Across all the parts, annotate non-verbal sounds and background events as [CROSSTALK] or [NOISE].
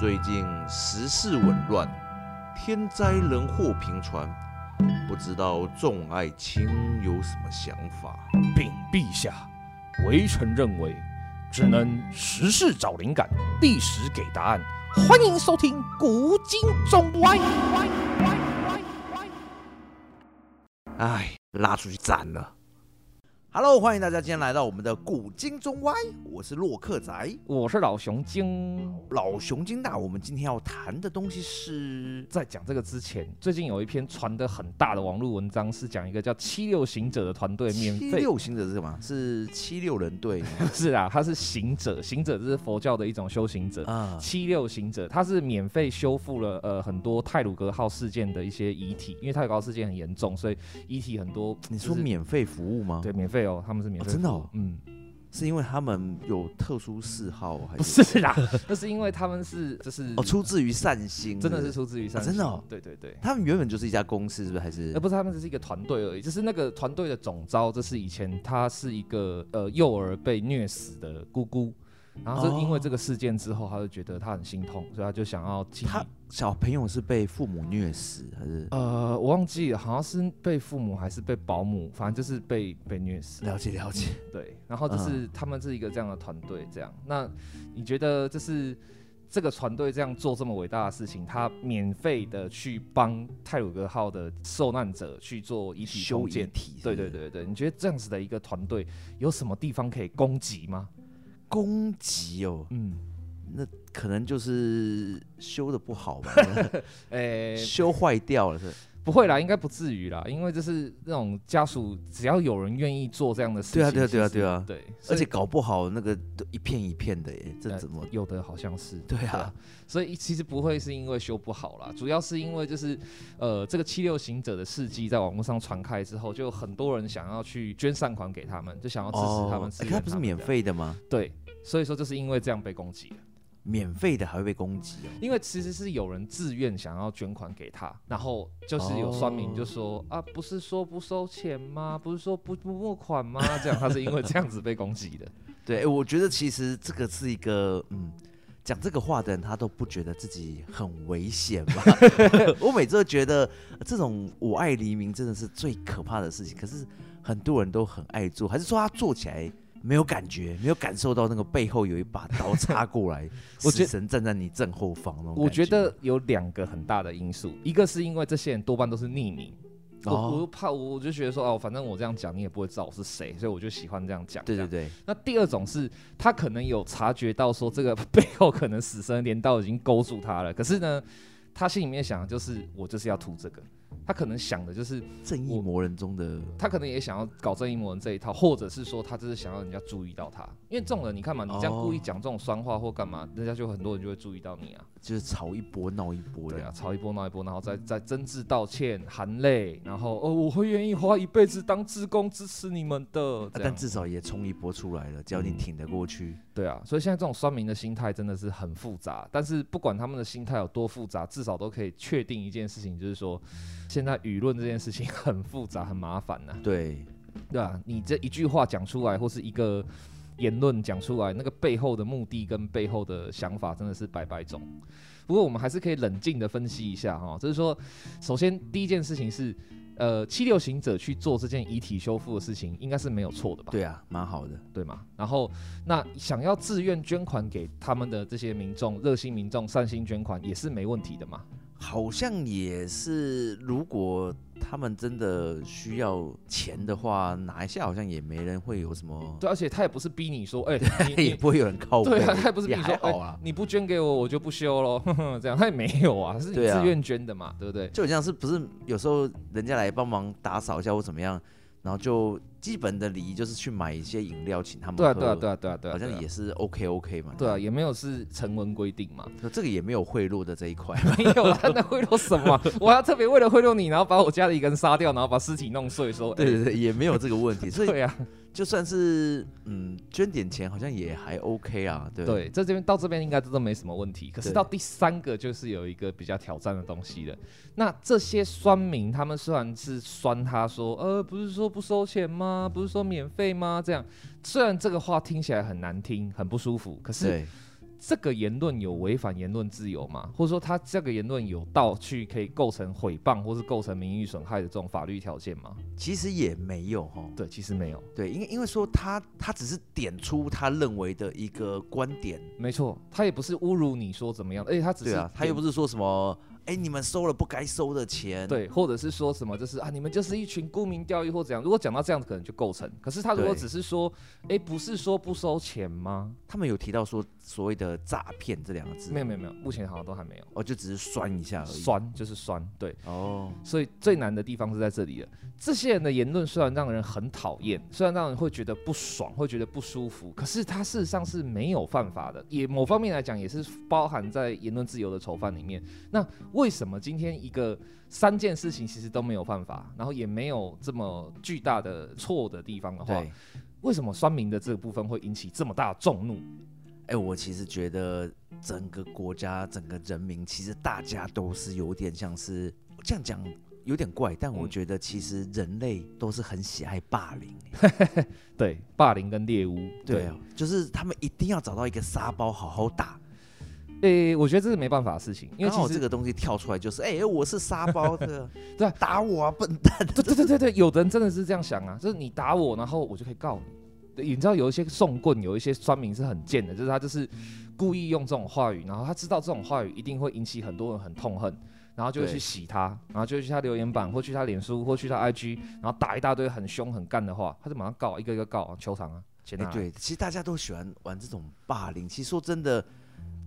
最近時事紊亂，天災人禍頻傳，不知道眾愛卿有什麼想法？稟陛下，微臣認為，只能時事找靈感，歷史給答案。歡迎收聽古今中歪。哎，拉出去斬了，啊！Hello，歡迎大家今天來到我們的古今中歪。我是洛克仔，我是老熊精，老熊精大。我們今天要談的東西是，在講這個之前，最近有一篇傳的很大的網絡文章，是講一個叫七六行者的團隊免費。七六行者是什麼？是七六人隊， [LAUGHS] 是啊，他是行者，行者這是佛教的一種修行者啊。七六行者，他是免費修復了呃很多太魯閣號事件的一些遺體，因為太魯閣號事件很嚴重，所以遺體很多，就是。你說免費服務嗎？對，免費。對哦，他們是免費，真的哦，嗯，是因為他們有特殊嗜好，嗯、還是不是啦？那 [LAUGHS] 是因為他們是就是哦，出自於善心，真的是出自於善心、哦、的、哦，對對對，他們原本就是一家公司，是不是？還是呃，不是，他們只是一個團隊而已，就是那個團隊的總召，這是以前他是一個呃幼兒被虐死的姑姑，然後就是因為這個事件之後，他就覺得他很心痛，所以他就想要他小朋友是被父母虐死還是？呃，我忘記了，好像是被父母還是被保姆，反正就是被被虐死。了解了解，嗯，對。然後就是，嗯，他們是一個這樣的團隊，這樣。那你覺得這，就是這個團隊這樣做這麼偉大的事情，他免費的去幫太魯閣號的受難者去做遺體修建？對對對對，你覺得這樣子的一個團隊有什麼地方可以攻擊嗎？攻擊哦，嗯。那可能就是修得不好吧？ [LAUGHS] 欸、修壞掉了是不是？不會啦，應該不至於啦，因為這是那種家屬，只要有人願意做這樣的事情，對啊，對啊，對啊，對啊，對。而且搞不好那個都一片一片的耶，哎、啊，這怎麼有的好像是？對啊，對啊，所以其實不會是因為修不好啦，主要是因為就是呃，這個七六行者的事蹟在網絡上傳開之後，就很多人想要去捐善款給他們，就想要支持他們。可、哦、他們、欸、不是免費的嗎？對，所以說就是因為這樣被攻擊了。免費的還會被攻擊哦，因為其實是有人自願想要捐款給他，然後就是有酸民就說、哦、啊，不是說不收錢嗎？不是說不不募款嗎？這樣他是因為這樣子被攻擊的。 [LAUGHS] 對、欸，我覺得其實這個是一個，嗯，講這個話的人他都不覺得自己很危險吧？ [LAUGHS] [LAUGHS] 我每次都覺得這種我愛黎明真的是最可怕的事情，可是很多人都很愛做，還是說他做起來？沒有感覺，沒有感受到那個背後有一把刀插過來，只能 [LAUGHS] 得站在你正後方那種感覺。我覺得有兩個很大的因素，一個是因為這些人多半都是匿名，哦、我我就怕，我就覺得說哦、啊，反正我這樣講你也不會知道我是誰，所以我就喜歡這樣講這樣。對對對。那第二種是他可能有察覺到說這個背後可能死神鐮刀已經勾住他了，可是呢，他心裡面想的就是我就是要吐這個。他可能想的就是正義魔人中的，他可能也想要搞正義魔人這一套，或者是說他就是想要人家注意到他，因為這種人你看嘛，你這樣故意講這種酸話或幹嘛，哦、人家就很多人就會注意到你啊，就是吵一波鬧一波，對啊，吵一波鬧一波，然後再再真摯道歉，含淚，然後哦，我會願意花一輩子當志工支持你們的，啊、但至少也衝一波出來了，只要你挺得過去，對啊，所以現在這種酸民的心態真的是很複雜，但是不管他們的心態有多複雜，至少都可以確定一件事情，就是說。現在輿論這件事情很複雜，很麻煩吶、啊。對，對啊，你這一句話講出來，或是一個言論講出來，那個背後的目的跟背後的想法真的是百百種。不過我們還是可以冷靜地分析一下哈，就是說，首先第一件事情是，呃，七六行者去做這件遺體修復的事情，應該是沒有錯的吧？對啊，蠻好的，對嗎？然後，那想要自願捐款給他們的這些民眾，熱心民眾善心捐款也是沒問題的嘛。好像也是，如果他們真的需要錢的話，拿一下好像也沒人會有什麼。對，而且他也不是逼你說，哎、欸， [LAUGHS] 也不會有人靠我。對啊，他也不是逼你說也還好，欸，你不捐給我，我就不修囉哼， [LAUGHS] 這樣他也沒有啊，是你自願捐的嘛，對、啊、對不對？就好像是不是有時候人家來幫忙打掃一下或怎麼樣？然後就基本的禮儀就是去買一些飲料請他們喝。對啊對啊對啊對啊，啊啊、好像也是 OK OK 嘛，對啊，對啊也沒有是成文規定嘛，那這個也沒有賄賂的這一塊，沒有、啊，他能賄賂什麼？ [LAUGHS] 我要特別為了賄賂你， [LAUGHS] 然後把我家裡一個人殺掉，然後把屍體弄碎，說對對對， [LAUGHS] 也沒有這個問題，所以，對啊就算是嗯，捐點錢好像也還 OK 啊，對對，在這邊到這邊應該都都沒什麼問題。可是到第三個就是有一個比較挑戰的東西了。對那這些酸民他們雖然是酸，他說呃，不是說不收錢嗎？不是說免費嗎？這樣雖然這個話聽起來很難聽，很不舒服，可是。這個言論有違反言論自由嗎？或者說他這個言論有到去可以構成誹謗，或是構成名譽損害的這種法律條件嗎？其實也沒有哈、哦。對，其實沒有。對，因為因為說他他只是點出他認為的一個觀點。沒錯，他也不是侮辱你說怎麼樣，而且他只是對啊，他又不是說什麼哎誒誒你們收了不該收的錢，對，或者是說什麼就是啊你們就是一群沽名釣譽或怎樣。如果講到這樣子，可能就構成。可是他如果只是說哎對不是說不收錢嗎？他們有提到說。所謂的詐騙這兩個字，沒有沒有沒有，目前好像都還沒有。哦，就只是酸一下而已。酸就是酸，對。哦。所以最難的地方是在這裡了。這些人的言論雖然讓人很討厭，雖然讓人會覺得不爽，會覺得不舒服，可是他事實上是沒有犯法的，也某方面來講也是包含在言論自由的範疇裡面。那為什麼今天一個三件事情其實都沒有犯法，然後也沒有這麼巨大的錯的地方的話，對為什麼酸民的這個部分會引起這麼大的眾怒？哎、欸，我其實覺得整個國家、整個人民，其實大家都是有點像是這樣講，有點怪。但我覺得，其實人類都是很喜愛霸凌、欸。 [LAUGHS] 對，霸凌跟獵巫。對，對就是他們一定要找到一個沙包好好打。哎、欸，我覺得這是沒辦法的事情，因為其實這個東西跳出來就是，哎、欸，我是沙包的， [LAUGHS] 對、啊、打我啊，笨蛋！對對對對對，有人真的是這樣想啊，就是你打我，然後我就可以告你。你知道有一些訟棍，有一些酸民是很賤的，就是他就是故意用這種話語，然後他知道這種話語一定會引起很多人很痛恨，然後就會去洗他，對然後就會去他留言板或去他臉書或去他 IG，然後打一大堆很凶很幹的話，他就馬上告一個一個告求償啊，啊，前大、欸、對，其實大家都喜歡玩這種霸凌，其實說真的。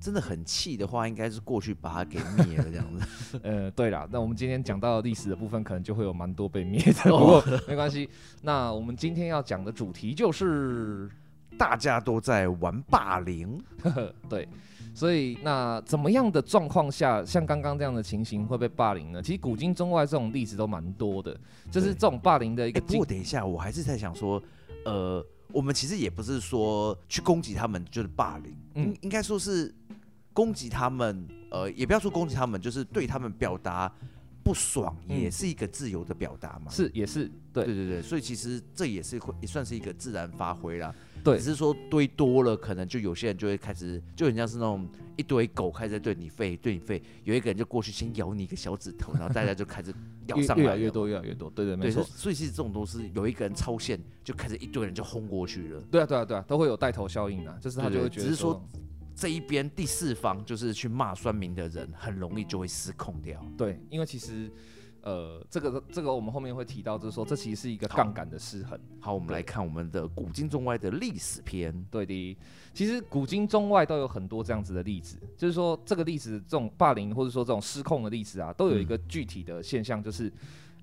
真的很氣的話，應該是過去把它給滅了這樣子。 [LAUGHS] 呃，對了，那我們今天講到歷史的部分，可能就會有蠻多被滅的。不過沒關係。那我們今天要講的主題就是大家都在玩霸凌。 [LAUGHS] 對，所以那怎麼樣的狀況下，像剛剛這樣的情形會被霸凌呢？其實古今中外這種例子都蠻多的，對就是這種霸凌的一個。欸、不過，等一下，我還是在想說，呃。我們其實也不是說去攻擊他們，就是霸凌，嗯，應該說是攻擊他們，呃，也不要說攻擊他們，就是對他們表達。不爽也是一個自由的表達嘛，嗯、是也是對，對對對，所以其實這也是會也算是一個自然發揮了，對，只是說堆多了，可能就有些人就會開始，就很像是那種一堆狗開始在對你吠，對你吠，有一個人就過去先咬你一個小指頭， [LAUGHS] 然後大家就開始咬上來，越多越、越多，越、來越多對對沒錯對。所以其實這種都是有一個人超限，就開始一堆人就轟過去了，對啊對啊對啊，都會有帶頭效應啊，就是他就會只是說。這一邊第四方就是去罵酸民的人，很容易就會失控掉。對，因為其實，呃，這個這個我們後面會提到，就是說，這其實是一個槓桿的失衡。好，好對我們來看我們的古今中外的歷史篇。對的，其實古今中外都有很多這樣子的例子，就是說這個例子，這種霸凌或者說這種失控的例子啊，都有一個具體的現象，嗯、就是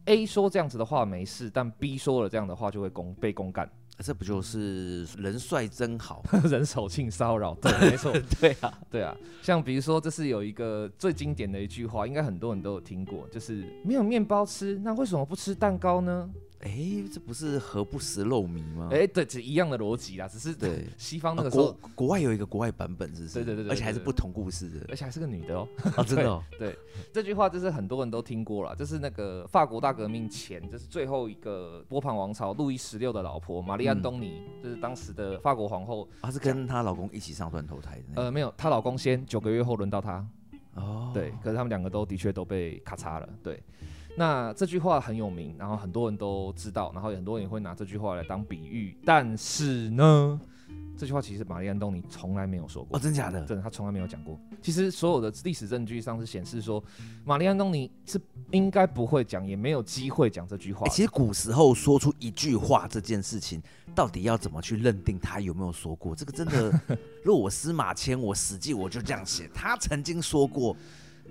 A 說這樣子的話沒事，但 B 說了這樣的話就會攻被攻乾。這不就是人帥真好， [LAUGHS] 人手性騷擾。對，沒錯， [LAUGHS] 對啊，對啊，像比如說，這是有一個最經典的一句話，應該很多人都有聽過，就是沒有麵包吃，那為什麼不吃蛋糕呢？哎，這不是何不食肉糜嗎？哎，對，只一樣的邏輯啦，只是對西方那個、啊、國國外有一個國外版本是，是不對對對，對，對而且還是不同故事的，而且還是個女的哦。啊，對真的、哦對？對，這句話就是很多人都聽過了，就是那個法國大革命前，就是最後一個波旁王朝路易十六的老婆瑪麗安東尼，嗯、就是當時的法國皇後。她、啊、是跟她老公一起上斷頭台的。呃，沒有，她老公先九個月後輪到她。哦。對，可是他們兩個都的確都被咔嚓了，對。那這句話很有名，然後很多人都知道，然後也很多人會拿這句話來當比喻。但是呢，這句話其實瑪麗·安東尼從來沒有說過。哦，真的假的？真的，他從來沒有講過。其實所有的歷史證據上是顯示說，瑪麗·安東尼是應該不會講，也沒有機會講這句話，欸。其實古時候說出一句話這件事情，到底要怎麼去認定他有沒有說過？這個真的，如果 [LAUGHS] 我司馬遷，我史記我就這樣寫，他曾經說過。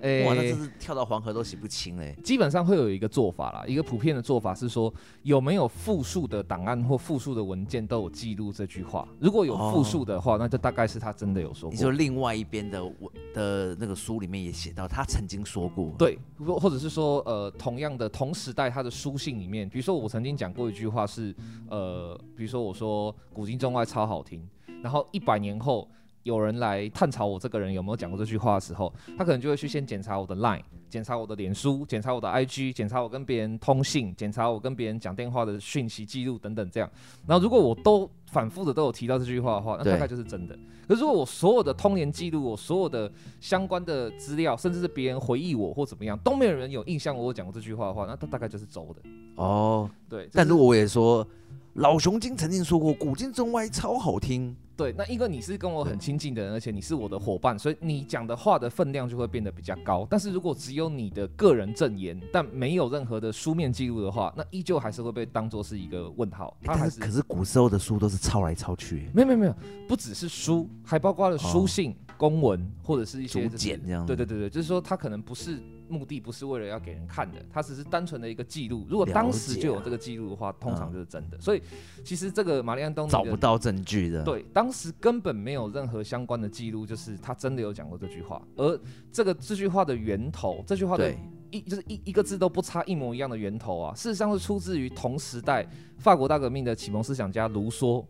哎、欸，那真是跳到黃河都洗不清哎、欸。基本上會有一個做法啦，一個普遍的做法是說，有沒有複述的檔案或複述的文件都有記錄這句話。如果有複述的話，哦、那就大概是他真的有說過。你說另外一邊的文的那個書裡面也寫到，他曾經說過。對，或或者是說，呃，同樣的同時代他的書信裡面，比如說我曾經講過一句話是，呃，比如說我說古今中外超好聽，然後一百年後。有人來探討我這個人有沒有講過這句話的時候，他可能就會去先檢查我的 Line，檢查我的臉書，檢查我的 IG，檢查我跟別人通信，檢查我跟別人講電話的訊息記錄等等這樣。那如果我都反覆的都有提到這句話的話，那大概就是真的。對可是如果我所有的通聯記錄，我所有的相關的資料，甚至是別人回憶我或怎麼樣，都沒有人有印象我有講過這句話的話，那他大概就是走的。哦，對。就是、但如果我也說老熊經曾經說過古今中歪超好聽。對，那因為你是跟我很親近的人，對而且你是我的夥伴，所以你講的話的分量就會變得比較高。但是如果只有你的個人證言，但沒有任何的書面記錄的話，那依舊還是會被當做是一個問號。誒他還是，是。可是古時候的書都是抄來抄去，沒有沒有沒有，不只是書，還包括了書信、哦、公文或者是一些竹簡這，這樣。對對對對，就是說他可能不是。目的不是為了要給人看的，它只是單純的一個記錄。如果當時就有這個記錄的話，解通常就是真的。嗯、所以，其實這個瑪麗安東尼找不到證據的。對，當時根本沒有任何相關的記錄，就是他真的有講過這句話。而這個這句話的源頭，這句話的對一就是一一,一個字都不差，一模一樣的源頭啊，事實上是出自於同時代法國大革命的啟蒙思想家盧梭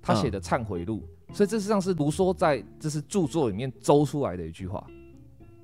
他寫的《懺悔錄》，嗯、所以這實際上是盧梭在這、就是著作裡面抽出來的一句話。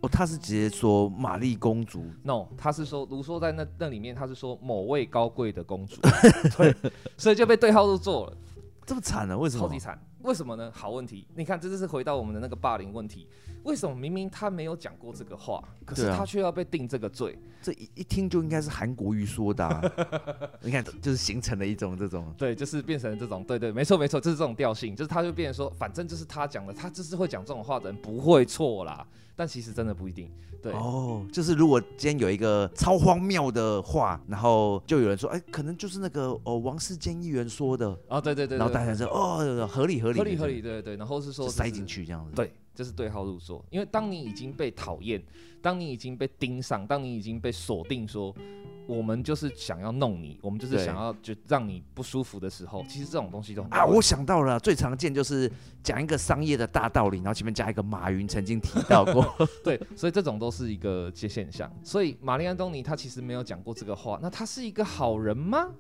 哦，他是直接說瑪麗公主，no，他是說盧梭在那那裡面，他是說某位高貴的公主， [LAUGHS] 對，所以就被對號入座了，這麼慘呢、啊？為什麼？超級慘。為什麼呢？好問題，你看，這就是回到我們的那個霸凌問題。為什麼明明他沒有講過這個話，可是他卻要被定這個罪？啊、這一一聽就應該是韓國瑜說的、啊。 [LAUGHS] 你看，就是形成了一種這種，對，就是變成了這種，對對，對，沒錯沒錯，就是這種調性，就是他就變成說，反正就是他講的，他就是會講這種話的人不會錯啦。但其實真的不一定。對哦，就是如果今天有一個超荒謬的話，然後就有人說，哎、欸，可能就是那個哦王世堅議員說的說。哦，對對對，然後大家說哦，合理合理。合理合理，對對對，然後是說是塞進去這樣子，對，這、就是對號入座。因為當你已經被討厭，當你已經被盯上，當你已經被鎖定說，說我們就是想要弄你，我們就是想要就讓你不舒服的時候，對其實這種東西都很啊，我想到了，最常見就是講一個商業的大道理，然後前面加一個馬雲曾經提到過， [LAUGHS] [LAUGHS] 對，所以這種都是一個現象。所以瑪麗·安東尼他其實沒有講過這個話，那他是一個好人嗎？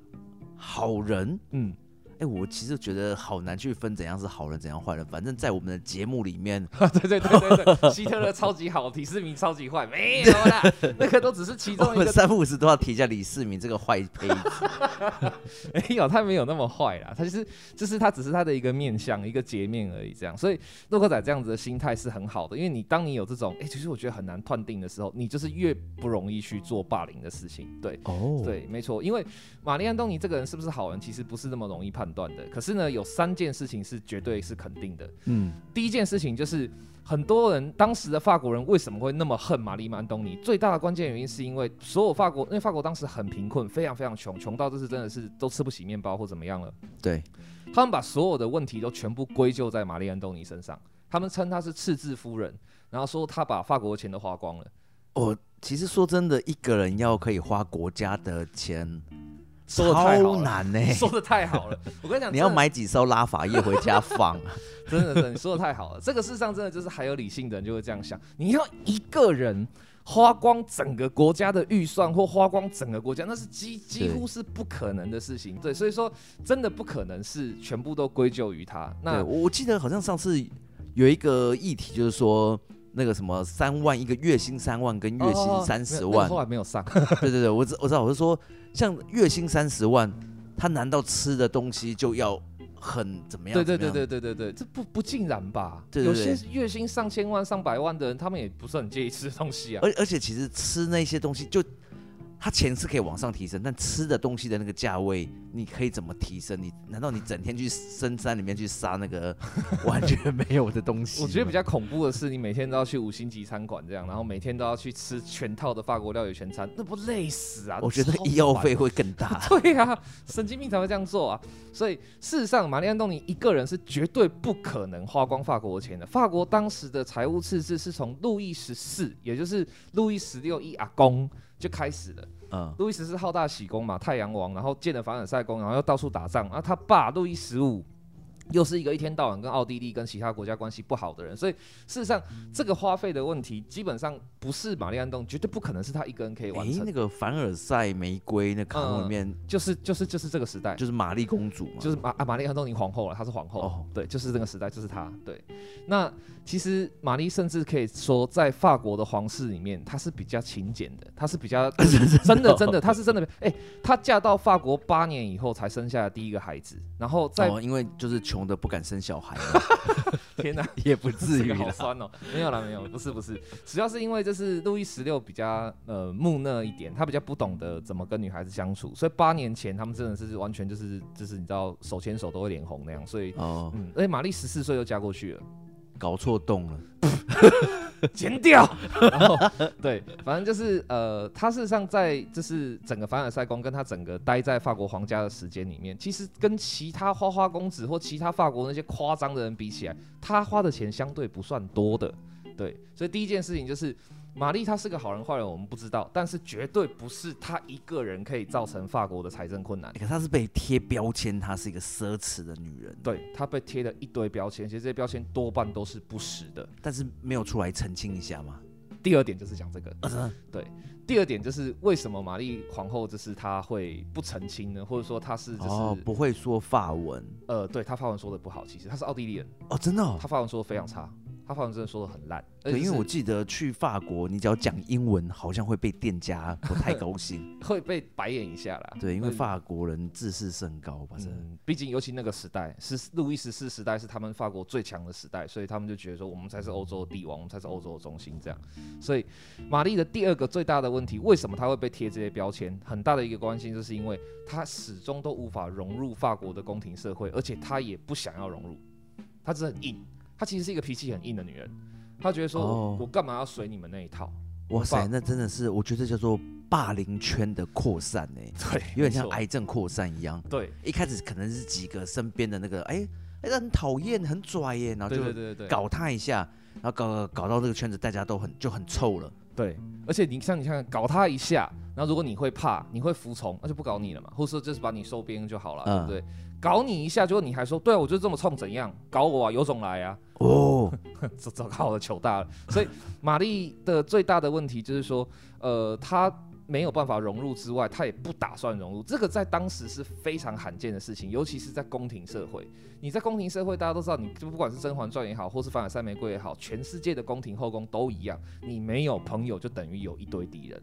好人，嗯。哎、欸，我其實覺得好難去分怎樣是好人，怎樣壞人。反正在我們的節目裡面，對 [LAUGHS] 對對對對， [LAUGHS] 希特勒超級好，李世民超級壞，沒有啦， [LAUGHS] 那個都只是其中一個。三不五時都要提一下李世民這個壞胚子。沒、 [LAUGHS] 欸、有，他沒有那麼壞啦，他就是就是他只是他的一個面相，一個截面而已。這樣，所以洛克仔這樣子的心態是很好的，因為你當你有這種，哎、欸，其、就、實、是、我覺得很難斷定的時候，你就是越不容易去做霸凌的事情。對，哦，oh. 對，沒錯，因為瑪麗安東尼這個人是不是好人，其實不是那麼容易判斷的，可是呢，有三件事情是絕對是肯定的。嗯，第一件事情就是，很多人當時的法國人為什麼會那麼恨瑪麗·安東尼？最大的關鍵原因是因為所有法國，因為法國當時很貧困，非常非常窮，窮到就是真的是都吃不起麵包或怎麼樣了。對，他們把所有的問題都全部歸咎在瑪麗·安東尼身上，他們稱她是赤字夫人，然後說他把法國的錢都花光了。我、哦、其實說真的，一個人要可以花國家的錢。說的太好了，欸、說的太好了。 [LAUGHS] 我跟你講，你要買幾艘拉法葉 [LAUGHS] 回家放， [LAUGHS] 真的是你說的太好了。 [LAUGHS] 這個世上真的就是還有理性的人就會這樣想。你要一個人花光整個國家的預算，或花光整個國家，那是幾幾乎是不可能的事情。對，對，所以說真的不可能是全部都歸咎於他。那我記得好像上次有一個議題就是說。那個什麼三萬一個月薪三萬跟月薪三十萬，後來沒有上。對對對，我知我知道，我是說，像月薪三十萬，他難道吃的東西就要很怎麼樣？對對對對對對這不不盡然吧？有些月薪上千萬、上百萬的人，他們也不算很介意吃的東西啊。而而且其實吃那些東西就。他錢是可以往上提升，但吃的東西的那個價位，你可以怎麼提升？你難道你整天去深山裡面去殺那個完全沒有的東西？ [LAUGHS] 我覺得比較恐怖的是，你每天都要去五星級餐館這樣，然後每天都要去吃全套的法國料理全餐，那不累死啊？我覺得醫藥費會更大。乖 [LAUGHS] 對啊，神經病才會這樣做啊！所以，事實上瑪麗安東尼一個人是絕對不可能花光法國的錢的。法國當時的財務赤字是從路易十四，也就是路易十六一阿公，就開始了。嗯、路易十四是好大喜功嘛，太陽王，然後建了凡爾賽宮，然後又到處打仗。然後、啊、他爸路易十五。又是一個一天到晚跟奧地利、跟其他國家關係不好的人，所以事實上，這個花費的問題基本上不是瑪麗·安東尼，絕對不可能是他一個人可以完成。哎、欸，那個凡爾賽玫瑰那卡裡面，嗯、就是就是就是這個時代，就是瑪麗公主嘛，就是瑪瑪麗·啊、安東尼皇後了，她是皇後，哦、對，就是那個時代，就是她。對，那其實瑪麗甚至可以說，在法國的皇室裡面，她是比較勤儉的，她是比較真的 [LAUGHS] 真的，真的真的 [LAUGHS] 她是真的。哎、欸，她嫁到法國八年以後才生下了第一個孩子，然後在、哦、因為就是。窮的不敢生小孩，啊， [LAUGHS] 天哪， [LAUGHS] 也不至於 [LAUGHS] 好酸哦，喔，沒有啦，沒有，不是不是， [LAUGHS] 主要是因為這是路易十六比較呃木訥一點，他比較不懂得怎麼跟女孩子相處，所以八年前他們真的是完全就是就是你知道手牽手都會臉紅那樣，所以，哦，嗯，而且瑪麗十四歲就嫁過去了。搞錯洞了， [LAUGHS] 剪掉。 [LAUGHS] 然後對，反正就是呃，他事實上在就是整個凡爾賽宮跟他整個待在法國皇家的時間裡面，其實跟其他花花公子或其他法國那些誇張的人比起來，他花的錢相對不算多的。對，所以第一件事情就是。瑪麗她是個好人壞人我們不知道，但是絕對不是她一個人可以造成法國的財政困難。你看她、欸、可是她是被貼標籤，她是一個奢侈的女人。對，她被貼了一堆標籤，其實這些標籤多半都是不實的。但是沒有出來澄清一下嗎？第二點就是講這個。哦、對。第二點就是為什麼瑪麗皇後就是她會不澄清呢？或者說她是就是、哦、不會說法文？呃，對，她法文說的不好，其實她是奧地利人哦，真的、哦，她法文說的非常差。他發文真的說的很爛，對，欸、就是，因為我記得去法國，你只要講英文，好像會被店家不太高興， [LAUGHS] 會被白眼一下啦。對，因為法國人自視甚高吧，真的。畢竟，尤其那個時代是路易十四時代，是他們法國最強的時代，所以他們就覺得說，我們才是歐洲的帝王，我們才是歐洲的中心這樣。所以瑪麗的第二個最大的問題，為什麼她會被貼這些標籤？很大的一個關係就是因為他始終都無法融入法國的宮廷社會，而且她也不想要融入，她真的很硬。硬她其實是一個脾氣很硬的女人，她覺得說，oh. 我幹嘛要隨你們那一套？哇塞，那真的是，我覺得叫做霸凌圈的擴散呢、欸。對，有點像癌症擴散一樣。對，對一開始可能是幾個身邊的那個，哎、欸欸欸，很討厭，很拽耶，然後就搞他一下，對對對對然後搞搞到這個圈子大家都很就很臭了。對，而且你像你像搞他一下，然後如果你會怕，你會服從，那就不搞你了嘛，或者說就是把你收編就好了，嗯、對不對？搞你一下，結果你還說，對啊，我就這麼衝，怎樣？搞我啊，有種來啊！哦，這糟糕了，糗大了。所以瑪麗的最大的問題就是說， [LAUGHS] 呃，她沒有辦法融入之外，她也不打算融入。這個在當時是非常罕見的事情，尤其是在宮廷社會。你在宮廷社會，大家都知道，你就不管是《甄嬛傳》也好，或是《凡爾賽玫瑰》也好，全世界的宮廷後宮都一樣，你沒有朋友就等於有一堆敵人。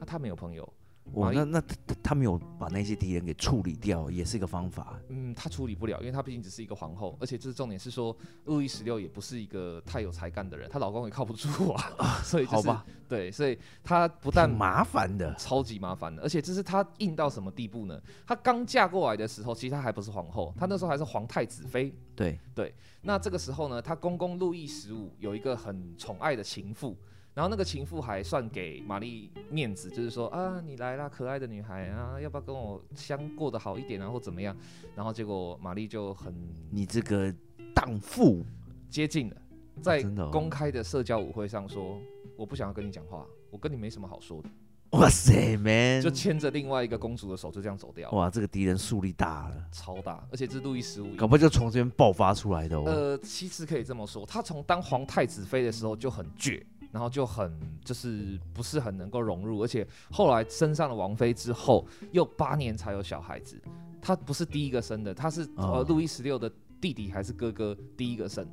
那、啊、她沒有朋友。哦，那那他他沒有把那些敵人給處理掉，也是一個方法。嗯，她處理不了，因為她畢竟只是一個皇後，而且這是重點，是說路易十六也不是一個太有才幹的人，她老公也靠不住啊，所以、就是、好吧，對，所以她不但麻煩的，超級麻煩的，而且這是她硬到什麼地步呢？她剛嫁過來的時候，其實她還不是皇後，她那時候還是皇太子妃。嗯、對對，那這個時候呢，她公公路易十五有一個很寵愛的情婦。然後那個情婦還算給瑪麗面子，就是說啊，你來了，可愛的女孩啊，要不要跟我相過得好一點啊，或怎麼樣？然後結果瑪麗就很你這個蕩婦接近了，在公開的社交舞會上說，我不想要跟你講話，我跟你沒什麼好說的。哇塞，man，就牽着另外一個公主的手就這樣走掉。哇，這個敵人樹立大了，超大，而且這是路易十五，搞不好就從這邊爆發出來的哦。呃，其實可以這麼說，他從當皇太子妃的時候就很倔。然後就很就是不是很能夠融入，而且後來升上了王妃之後，又八年才有小孩子。他不是第一個生的，他是呃路易十六的弟弟還是哥哥第一個生，哦、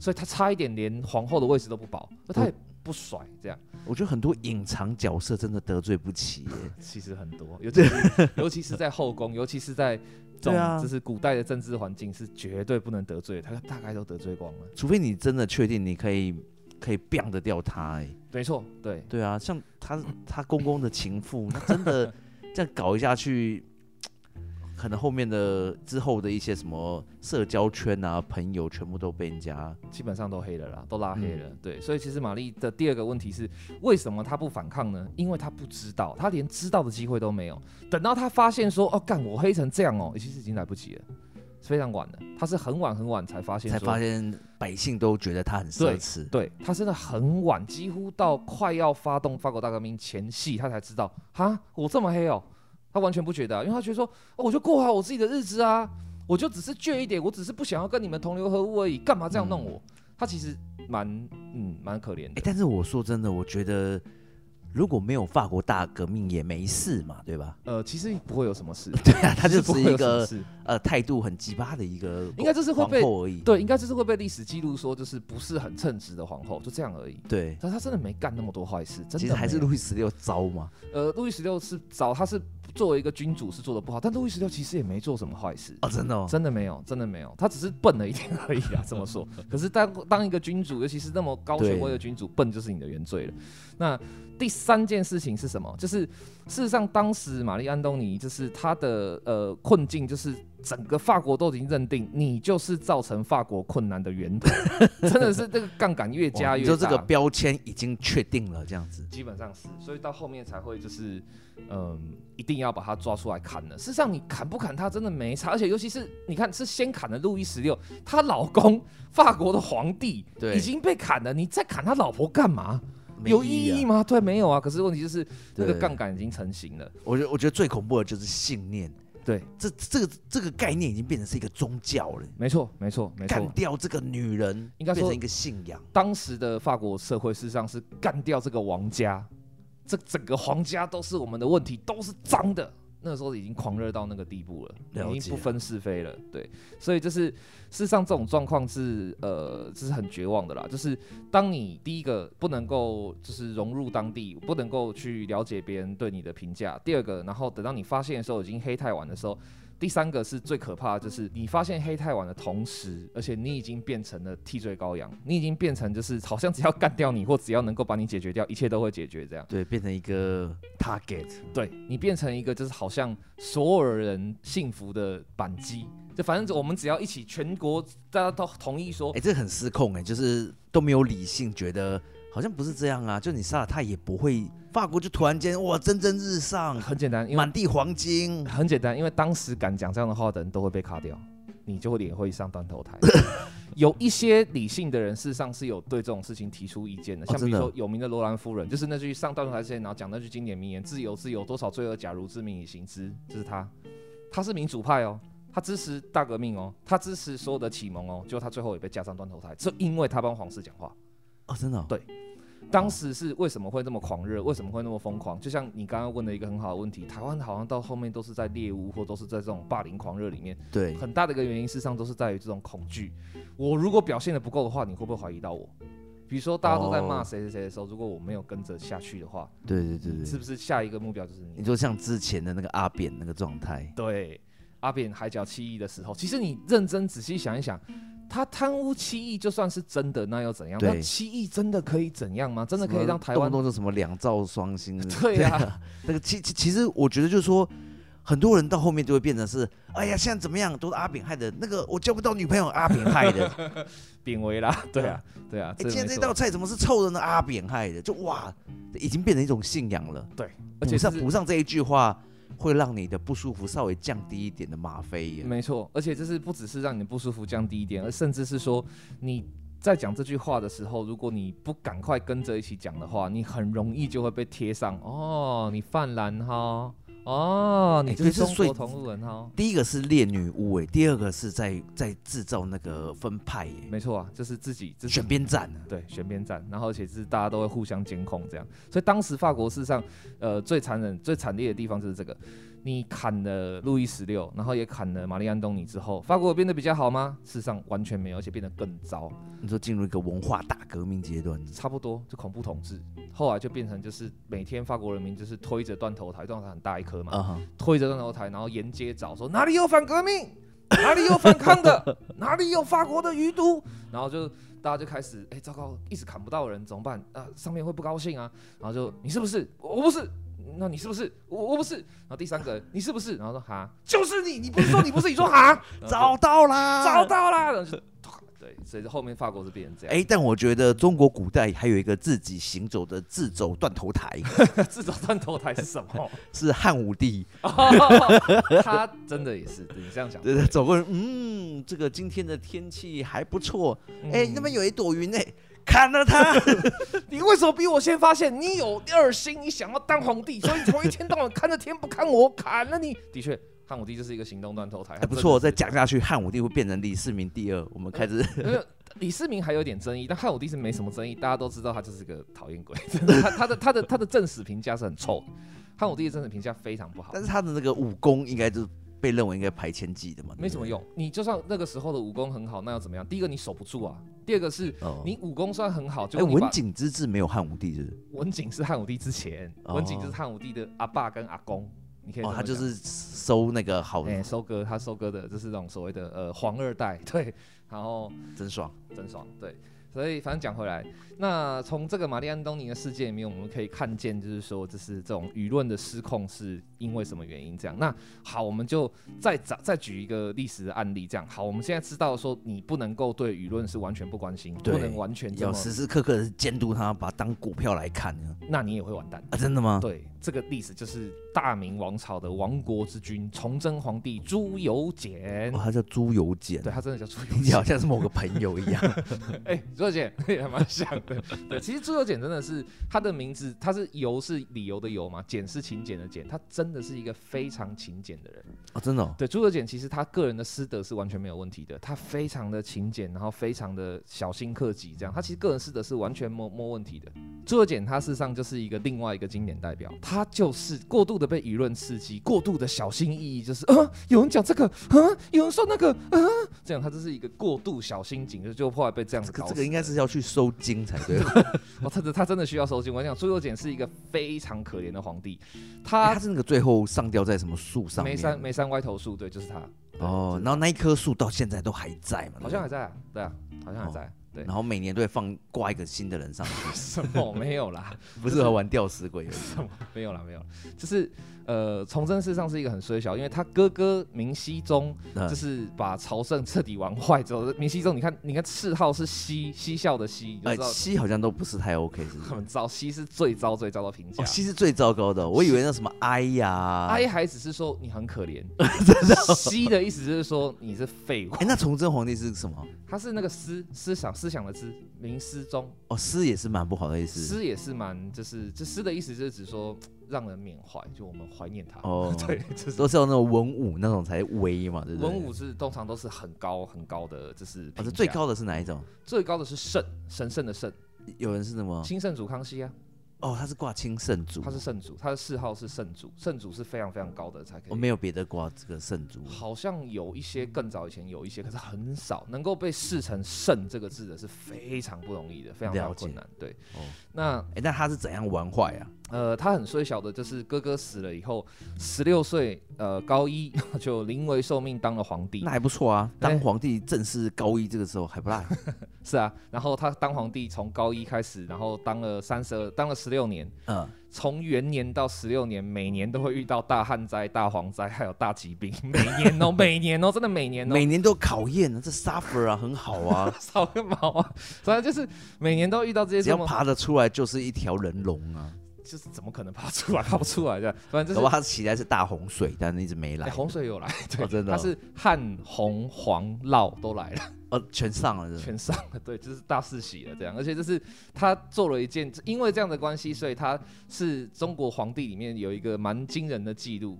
所以他差一點連皇後的位置都不保。那他也不甩、嗯、這樣。我覺得很多隱藏角色真的得罪不起耶 [LAUGHS] 其實很多，尤其 [LAUGHS] 尤其是在後宮， [LAUGHS] 尤其是在這種就是古代的政治環境是絕對不能得罪的。他大概都得罪光了，除非你真的確定你可以。可以 b a n g 得掉他。哎、欸，沒錯，對對啊，像他他公公的情婦，那、嗯、真的 [LAUGHS] 這樣搞一下去，可能後面的之後的一些什麼社交圈啊朋友，全部都被人家基本上都黑了啦，都拉黑了。嗯、對，所以其實瑪麗的第二個問題是，為什麼他不反抗呢？因為他不知道，他連知道的機會都沒有。等到他發現說，哦幹，我黑成這樣哦、喔，其實已經來不及了。非常晚的，他是很晚很晚才發現，才發現百姓都覺得他很奢侈，對。對，他真的很晚，幾乎到快要發動法國大革命前夕，他才知道哈，我這麼黑哦，他完全不覺得、啊，因為他覺得說、哦，我就過好我自己的日子啊，我就只是倔一點，我只是不想要跟你們同流合污而已，干嘛這樣弄我？嗯、他其實蠻嗯蠻可憐的、欸。但是我說真的，我覺得。如果沒有法國大革命也沒事嘛，對吧？呃，其實不會有什麼事。 [LAUGHS] 對啊，他就是一個是呃態度很奇葩的一個，應該就是皇后而已。對，應該就是會被歷史記錄說就是不是很稱職的皇後，就這樣而已。對，但他真的沒幹那麼多壞事，真的。其實還是路易十六糟嘛？呃，路易十六是糟，他是。作為一個君主是做的不好，但是路易十六其實也沒做什麼壞事啊。哦，真的。哦，真的沒有，真的沒有，他只是笨了一點而已啊， [LAUGHS] 這麼說。可是當當一個君主，尤其是那麼高權威的君主，對笨就是你的原罪了。那第三件事情是什麼？就是。事實上，當時瑪麗·安東尼就是他的呃，困境，就是整個法國都已經認定你就是造成法國困難的源頭， [LAUGHS] 真的是這個槓桿越加越大。你說這個標籤已經確定了，這樣子。基本上是，所以到後面才會就是，嗯、呃，一定要把他抓出來砍了。事實上，你砍不砍他真的沒差，而且尤其是你看，是先砍了路易十六，他老公法國的皇帝對已經被砍了，你再砍他老婆幹嘛？有意義嗎？沒意義啊，對，沒有啊。可是問題就是，這個槓桿已經成型了。我覺得，我覺得最恐怖的就是信念。對，這這個這個概念已經變成是一個宗教了。沒錯，沒錯，沒錯。幹掉這個女人，應該變成一個信仰。當時的法國社會事實上是幹掉這個王家，這整個皇家都是我們的問題，都是髒的。那時候已經狂熱到那個地步了，已經不分是非了。了解。對，所以就是事實上這種狀況是呃，這、就是很絕望的啦。就是當你第一個不能夠就是融入當地，不能夠去了解別人對你的評價；第二個，然後等到你發現的時候，已經黑太晚的時候。第三個是最可怕的就是你發現黑太晚的同時，而且你已經變成了替罪羔羊，你已經變成就是好像只要幹掉你或只要能夠把你解決掉，一切都會解決這樣。對，變成一個 target，對，你變成一個就是好像所有人幸福的扳機，就反正我們只要一起全國大家都同意說，哎、欸，這很失控哎、欸，就是都沒有理性，覺得好像不是這樣啊，就你殺了他也不會。法國就突然間哇蒸蒸日上，很簡單，滿地黃金。很簡單，因為當時敢講這樣的話的人都會被卡掉，你就會臉會上斷頭臺。 [LAUGHS] 有一些理性的人事實上是有對這種事情提出意見的，像比如說有名的羅蘭夫人，哦、就是那句上斷頭臺之前然後講那句經典名言“自由，自由，多少罪惡假汝之名以行之”，這、就是他，他是民主派哦，他支持大革命哦，他支持所有的啟蒙哦，就他最後也被架上斷頭臺，這因為他幫皇室講話。哦，哦，真的？對。當時是為什麼會這麼狂熱？哦、為什麼會那麼瘋狂？就像你剛剛問的一個很好的問題，台灣好像到後面都是在獵巫，或都是在這種霸凌狂熱裡面。對，很大的一個原因，事實上都是在於這種恐懼。我如果表現得不夠的話，你會不會懷疑到我？比如說大家都在罵誰誰誰的時候，哦、如果我沒有跟着下去的話，對對對對，是不是下一個目標就是你？你就像之前的那個阿扁那個狀態，對。阿扁海角七億的時候，其實你認真仔細想一想，他貪污七億就算是真的，那又怎樣？對那七億真的可以怎樣嗎？真的可以讓台灣動不動就什麼兩兆雙星？ [LAUGHS] 對、啊、 [LAUGHS] 那個其其，其實我覺得就是說，很多人到後面就會變成是，哎呀，現在怎麼樣，都是阿扁害的。那個我交不到女朋友，阿扁害的。 [LAUGHS] 扁微啦、啊對啊，對啊，對啊、欸。今天這道菜怎麼是臭的呢？ [LAUGHS] 阿扁害的，就哇，已經變成一種信仰了。對，而且是補上補上這一句話。會讓你的不舒服稍微降低一點的嗎啡。沒錯，而且這是不只是讓你的不舒服降低一點，而甚至是說你在講這句話的時候，如果你不趕快跟着一起講的話，你很容易就會被貼上哦，你泛藍。哈。哦，oh, 欸、你就是中國同路人哦。第一個是獵女巫哎、欸，第二個是在在製造那個分派耶、欸。沒錯啊，就是自己，自己選邊站、啊、對，選邊站，然後其實大家都會互相監控這樣，所以當時法國史上呃最殘忍、最慘烈的地方就是這個。你砍了路易十六，然後也砍了瑪麗·安東尼之後，法國變得比較好嗎？事實上完全沒有，而且變得更糟。你說進入一個文化大革命階段，差不多就恐怖統治。後來就變成就是每天法國人民就是推着斷頭台，斷頭台很大一顆嘛，uh huh. 推着斷頭台，然後沿街找說哪裡有反革命，哪裡有反抗的， [LAUGHS] 哪裡有法國的餘毒，然後就大家就開始哎、欸、糟糕，一直砍不到人怎麼辦啊？上面會不高興啊，然後就你是不是？我，我不是。那你是不是？我我不是。然後第三個，你是不是？然後說哈，就是你，你不是說你不是？你說哈， [LAUGHS] 就找到啦，找到啦。然後對，所以後面法國是變成這樣。誒、欸，但我覺得中國古代還有一個自己行走的自走斷頭臺。 [LAUGHS] 自走斷頭臺是什麼？ [LAUGHS] 是漢武帝。他真的也是你這樣講。對 [LAUGHS] 對，走過去，嗯，這個今天的天氣還不錯。哎、欸，嗯、那邊有一朵雲誒、欸。砍了他！ [LAUGHS] [LAUGHS] 你為什麼比我先發現？你有第二心，你想要當皇帝，所以你從一天到晚看着天不看我，砍了你！ [LAUGHS] 的確，漢武帝就是一個行動斷頭台，欸、還不錯。再講下去，漢武帝會變成李世民第二。我們開始、嗯嗯嗯，李世民還有點爭議，但漢武帝是沒什麼爭議，大家都知道他就是個討厭鬼。他。他的 [LAUGHS] 他的他的，他的正史評價是很臭，漢武帝的正史評價非常不好。但是他的那個武功應該就是。被認為應該排前幾的嘛，沒什麼用。你就算那個時候的武功很好，那又怎麼樣？第一個你守不住啊，第二個是你武功算很好，就、哦、欸、文景之治沒有漢武帝是、是？文景是漢武帝之前，哦、文景就是漢武帝的阿爸跟阿公，你可以、哦、他就是收那個好，欸、收割他收割的，就是這種所謂的呃皇二代，對，然後真爽，真爽，對。所以，反正講回來，那從這個瑪麗·安東尼的世界裡面，我們可以看見，就是說，這是這種輿論的失控是因為什麼原因？這樣。那好，我們就再找，再舉一個歷史的案例，這樣。好，我們現在知道說，你不能夠對輿論是完全不關心，對不能完全要時時刻刻的監督他，把他當股票來看，那你也會完蛋啊！真的嗎？對，這個歷史就是大明王朝的亡國之君崇禎皇帝朱由檢。哦，他叫朱由檢。對，他真的叫朱由檢，好像是某個朋友一樣、 [LAUGHS] [LAUGHS] 欸。哎。朱由檢也蠻像的， [LAUGHS] 對，其實朱由檢真的是他的名字，他是由是理由的由嘛，儉是勤儉的儉，他真的是一個非常勤儉的人啊，真的，哦。對，朱由檢其實他個人的私德是完全沒有問題的，他非常的勤儉，然後非常的小心克己，這樣，他其實個人私德是完全沒沒問題的。朱由檢他事實上就是一個另外一個經典代表，他就是過度的被輿論刺激，過度的小心翼翼，就是，啊，有人講這個，嗯、啊，有人說那個，嗯、啊，這樣他就是一個過度小心謹慎，就是，後來被這樣子搞死。啊，這個這個應該是要去收金才對， [LAUGHS] 哦，他他真的需要收金。我跟你講朱由檢是一個非常可憐的皇帝他、欸，他是那個最後上吊在什麼樹上面？梅山梅山歪頭樹，對，就是他。哦，就是、然後那一棵樹到現在都還在嘛，好像還在啊，對啊，好像還在、啊。哦、對，然後每年都會放掛一個新的人上去。 [LAUGHS] 什麼？沒有啦，不適合玩吊死鬼。 [LAUGHS] 什麼？沒有啦，沒有啦，就是。呃，崇禎事實上是一個很衰小，因為他哥哥明熹宗就是把朝政徹底玩壞。後、嗯，明熹宗，你看，你看，諡號是熹，嬉笑的熹，哎，熹、欸、好像都不是太 OK，是嗎？糟，熹是最糟最糟的評價。哦，熹是最糟糕的，我以為那什麼哀呀哀，還只是說你很可憐， [LAUGHS] 真的、哦。熹的意思就是說你是廢物。哎、欸，那崇禎皇帝是什麼？他是那個思思想思想的思，明思宗。哦，思也是蠻不好的意思。思也是蠻、就是，就是這思的意思就是只說。讓人緬懷，就我們懷念他。哦， [LAUGHS] 對，就是、都是要那種文武那種才威嘛，對不對？文武是通常都是很高很高的，就是、哦、最高的是哪一種？最高的是聖，神聖的聖。有人是什麼？清聖祖康熙啊。哦，他是掛清聖祖。他是聖祖，他的諡號是聖祖。聖祖是非常非常高的，才可以。我沒有別的掛這個聖祖。好像有一些更早以前有一些，可是很少能夠被諡成聖這個字的，是非常不容易的，非常,非常困難。了解。對。哦。那誒、欸，那他是怎樣玩壞啊？呃，他很衰小的，就是哥哥死了以後，十六歲，呃，高一就臨危受命當了皇帝。那還不錯啊，當皇帝正是高一這個時候、欸、還不賴。 [LAUGHS] 是啊，然後他當皇帝從高一開始，然後當了三十二，當了十六年。嗯，從元年到十六年，每年都會遇到大旱災、大蝗災，還有大疾病。 [LAUGHS] 每年哦、喔，每年哦、喔，真的每年哦、喔， [LAUGHS] 每年都考驗啊，這 suffer 啊，很好啊，操 [LAUGHS] 個毛啊！反 [LAUGHS] 正就是每年都遇到這些，只要爬得出來就是一條人龍啊。就是怎麼可能爬出來？爬不出來的。反正是，如果他起來是大洪水，但是一直沒來、哎。洪水有來，對，哦、真的、哦。他是旱、洪黃、澇都來了，呃、哦，全上了是、是，全上。了。對，就是大四喜了，這樣。而且，就是他做了一件，因為這樣的關係，所以他是中國皇帝裡面有一個蠻驚人的記錄，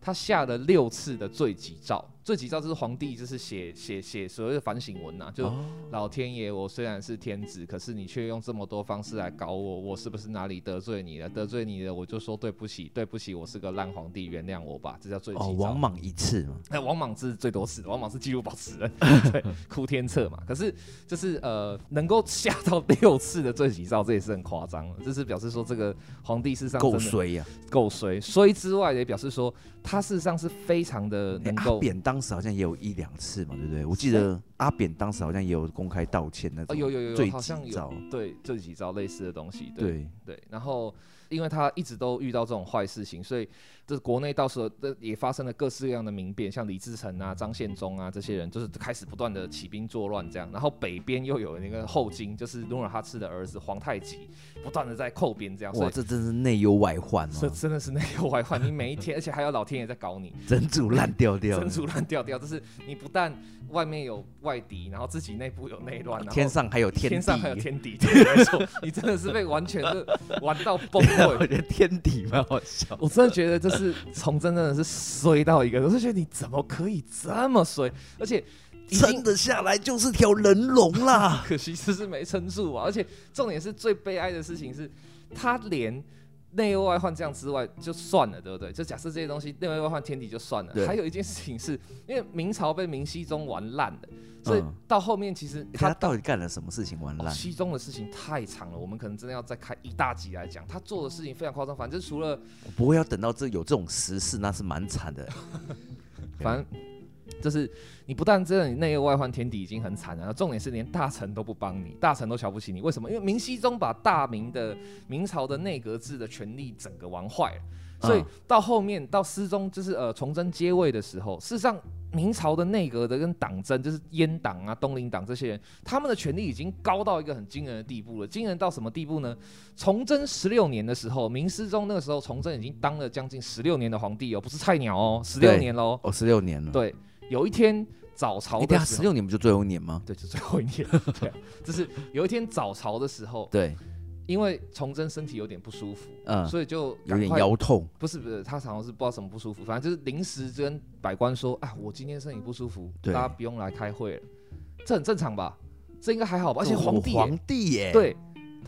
他下了六次的罪己詔。最己詔就是皇帝，就是寫寫寫所謂的反省文吶、啊，就、哦、老天爺，我雖然是天子，可是你卻用這麼多方式來搞我，我是不是哪裡得罪你了？得罪你的，我就說對不起，對不起，我是個爛皇帝，原諒我吧。這叫罪己詔、哦。王莽一次嘛，哎，王莽是最多次，王莽是記錄保持人，嗯、 [LAUGHS] 對，哭天策嘛。可是就是呃，能夠下到六次的罪己詔，這也是很誇張，這、就是表示說這個皇帝事實上夠衰呀、啊，夠衰，衰之外也表示說他事實上是非常的能夠、欸、當。當時好像也有一兩次嘛，對不對？我記得是阿扁當時好像也有公開道歉那種，哦、有有有，罪己詔有好像有對，罪己詔類似的東西，對對,對。然後，因為他一直都遇到這種壞事情，所以。這國內到時候也發生了各式各樣的民變，像李自成啊、張獻忠啊這些人，就是開始不斷的起兵作亂這樣。然後北邊又有那個後金，就是努爾哈赤的兒子皇太極，不斷的在寇邊這樣。哇，這真是內憂外患哦！這真的是內憂外患，你每一天， [LAUGHS] 而且還有老天爺在搞你，整組爛掉掉，整組爛掉掉，就是你不但外面有外敵，然後自己內部有內亂，天上還有天，天上還有天敵，沒 [LAUGHS] 你真的是被完全是玩到崩潰。 [LAUGHS] 我覺得天敵蠻好笑，我真的覺得這是。 [LAUGHS] 是從真正的是衰到一個，我是覺得你怎麼可以這麼衰，而且撐得下來就是條人龍啦。 [LAUGHS] 可惜只是沒撐住啊，而且重點是最悲哀的事情是，他連。內憂外患這樣之外就算了，對不對？就假設這些東西內外患天敵就算了。對還有一件事情是，因為明朝被明熹宗玩爛了，所以到後面其實他、嗯欸、他到底幹了什麼事情玩爛？熹宗、哦、的事情太長了，我們可能真的要再開一大集來講他做的事情非常誇張。反正就除了不會要等到這有這種時事，那是蠻慘的。 [LAUGHS] 對反正。就是你不但知道你內憂外患，天底已經很慘了。然後，重點是連大臣都不幫你，大臣都瞧不起你。為什麼？因為明熹宗把大明的明朝的內閣制的權力整個玩壞了。所以到後面、嗯、到思宗就是呃崇禎接位的時候，事實上明朝的內閣的跟黨爭就是閹黨啊、東林黨這些人，他們的權力已經高到一個很驚人的地步了。驚人到什麼地步呢？崇禎十六年的時候，明思宗那個時候崇禎已經當了將近十六年的皇帝哦、喔，不是菜鳥哦、喔，十六年嘍，哦，十六年了，對。有一天早朝、欸，對啊，十六年不就最後一年嗎？對，就最後一年。對、啊，就 [LAUGHS] 是有一天早朝的時候，對，因為崇禎身體有點不舒服，嗯，所以就有點腰痛。不是不是，他好像是不知道什麼不舒服，反正就是臨時跟百官說：“啊，我今天身體不舒服，對大家不用來開會了。”這很正常吧？這應該還好吧？而且皇帝，皇帝耶，對。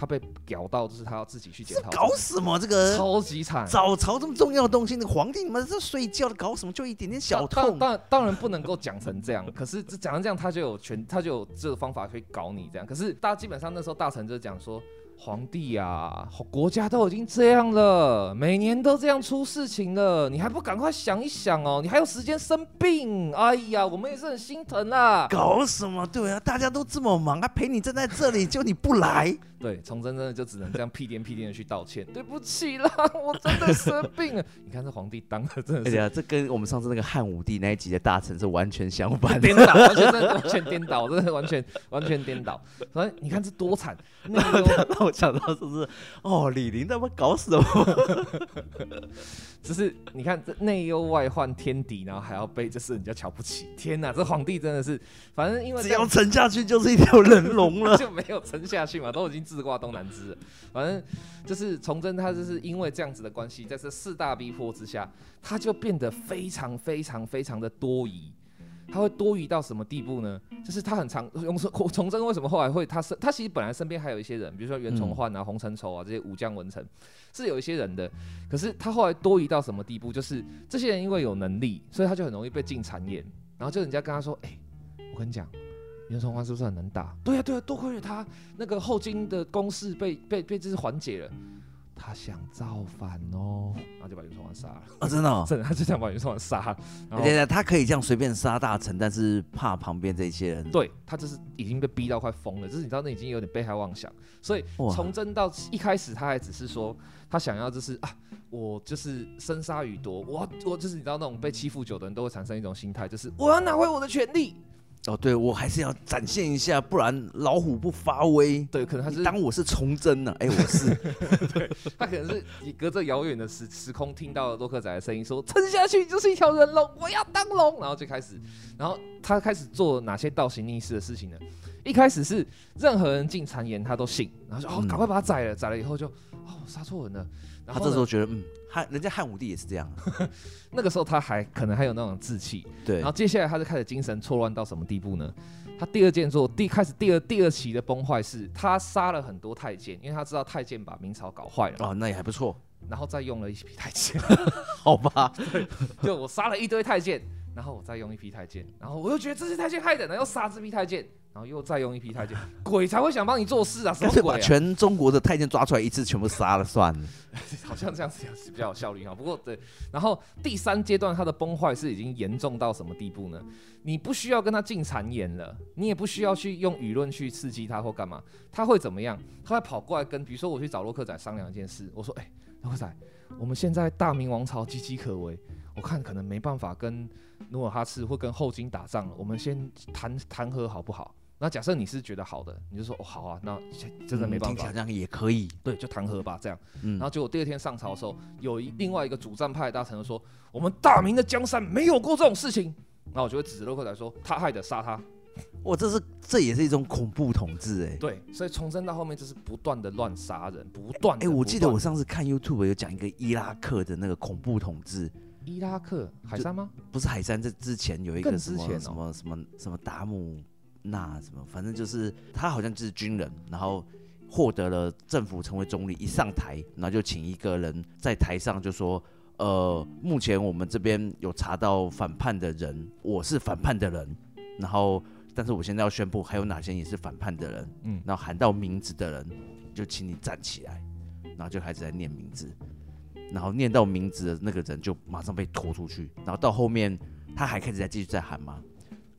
他被屌到，就是他要自己去檢討。搞什麼？這個超級慘。早朝這麼重要的東西，那皇帝你們這睡覺的搞什麼？就一點點小痛。當然當然不能夠講成這樣， [LAUGHS] 可是這講成這樣，他就有權，他就有這個方法可以搞你這樣。可是大家基本上那時候大臣就講說，皇帝呀、啊，國家都已經這樣了，每年都這樣出事情了，你還不趕快想一想哦？你還有時間生病？哎呀，我們也是很心疼啊。搞什麼？對啊，大家都這麼忙，他、啊、陪你站在這裡，就你不來。 [LAUGHS] 對，崇禎真的就只能這樣屁顛屁顛的去道歉，對不起啦，我真的生病了。 [LAUGHS] 你看這皇帝當的，真的是，欸，哎呀，這跟我們上次那個漢武帝那一集的大臣是完全相反，顛倒，完全完全顛倒，真的完全顛 [LAUGHS] 的完全顛倒。所以你看這多慘，那個， [LAUGHS] 那我想到是不是？哦，李林他不搞死了嗎？ [LAUGHS] 就是你看，這內憂外患天敵，然後還要被就是人家瞧不起。天哪，這皇帝真的是，反正因為這樣，只要沉下去就是一條人龍了， [LAUGHS] 就沒有沉下去嘛，都已經自掛東南枝。反正就是崇禎，他就是因為這樣子的關係，在這四大逼迫之下，他就變得非常非常非常的多疑。他會多疑到什麼地步呢？就是他很常用崇禎為什麼後來會他是他其實本來身邊還有一些人，比如說袁崇煥啊、洪承疇啊這些武將文臣是有一些人的，可是他後來多疑到什麼地步？就是這些人因為有能力，所以他就很容易被進讒言，然後就人家跟他說：“誒、欸，我跟你講，袁崇煥是不是很能打？”“對呀、啊，對呀、啊，多虧了他那個後金的攻勢被被被就是緩解了。”他想造反哦，然後就把袁崇煥殺了啊、哦！真的、哦，真的，他就想把袁崇煥殺了、欸。他可以這樣隨便殺大臣，但是怕旁邊這些人。對，他就是已經被逼到快瘋了，就是你知道那已經有點被害妄想。所以崇禎到一開始他還只是說哇他想要就是啊，我就是生殺予奪，我我就是你知道那種被欺負久的人都會產生一種心態，就是我要拿回我的權利。哦，對，我還是要展現一下，不然老虎不發威。對，可能他是當我是崇禎呢。哎、欸，我是 [LAUGHS] 對。他可能是你隔着遙遠的時時空，聽到了洛克仔的聲音，說撐下去就是一條人龍，我要當龍，然後就開始，然後他開始做哪些倒行逆施的事情呢？一開始是任何人進讒言他都信，然後就哦，趕快把他宰了，嗯、宰了以後就哦殺錯人了。他這時候覺得，嗯，漢人家漢武帝也是這樣，啊， [LAUGHS] 那個時候他還可能還有那種志氣，對。然後接下來他就開始精神錯亂到什麼地步呢？他第二件做第開始第二第二期的崩壞是，他殺了很多太監，因為他知道太監把明朝搞壞了啊，哦，那也還不錯。然後再用了一批太監， [LAUGHS] 好吧？ [LAUGHS] 對， [LAUGHS] 就我殺了一堆太監，然後我再用一批太監，然後我又覺得這些太監太蠢了，又殺這批太監。然後又再用一批太監，鬼才會想幫你做事啊！什麼鬼，啊、是把全中國的太監抓出來一次全部殺了算了， [LAUGHS] 好像這樣子也是比較有效率啊。不過對，然後第三階段它的崩壞是已經嚴重到什麼地步呢？你不需要跟他進讒言了，你也不需要去用輿論去刺激他或幹嘛，他會怎麼樣？他會跑過來跟，比如說我去找洛克仔商量一件事，我說：“哎、欸，洛克仔，我們現在大明王朝岌岌可危，我看可能沒辦法跟努爾哈赤或跟後金打仗了，我們先談談和好不好？”那假設你是覺得好的，你就說哦，好啊，那真的沒辦法，嗯、這樣也可以。對，就彈劾吧，這樣。嗯、然後結果第二天上朝的時候，有一另外一個主戰派大臣就說：“嗯、我們大明的江山沒有過這種事情。嗯”那我就會指着洛克來說：“他害的，殺他！”哇，這是這也是一種恐怖統治哎。對，所以崇禎到後面就是不斷的亂殺人，不斷。哎、欸欸，我記得我上次看 YouTube 有講一個伊拉克的那個恐怖統治。伊拉克海珊嗎？不是海珊，這之前有一個之前、喔、什麼什麼什麼達姆。那什麼，反正就是他好像就是軍人，然後獲得了政府成為總理，一上台，然後就請一個人在台上就說，呃，目前我們這邊有查到反叛的人，我是反叛的人，然後，但是我現在要宣布還有哪些人也是反叛的人，嗯，然後喊到名字的人就請你站起來，然後就開始在念名字，然後念到名字的那個人就馬上被拖出去，然後到後面他還開始在繼續在喊嗎？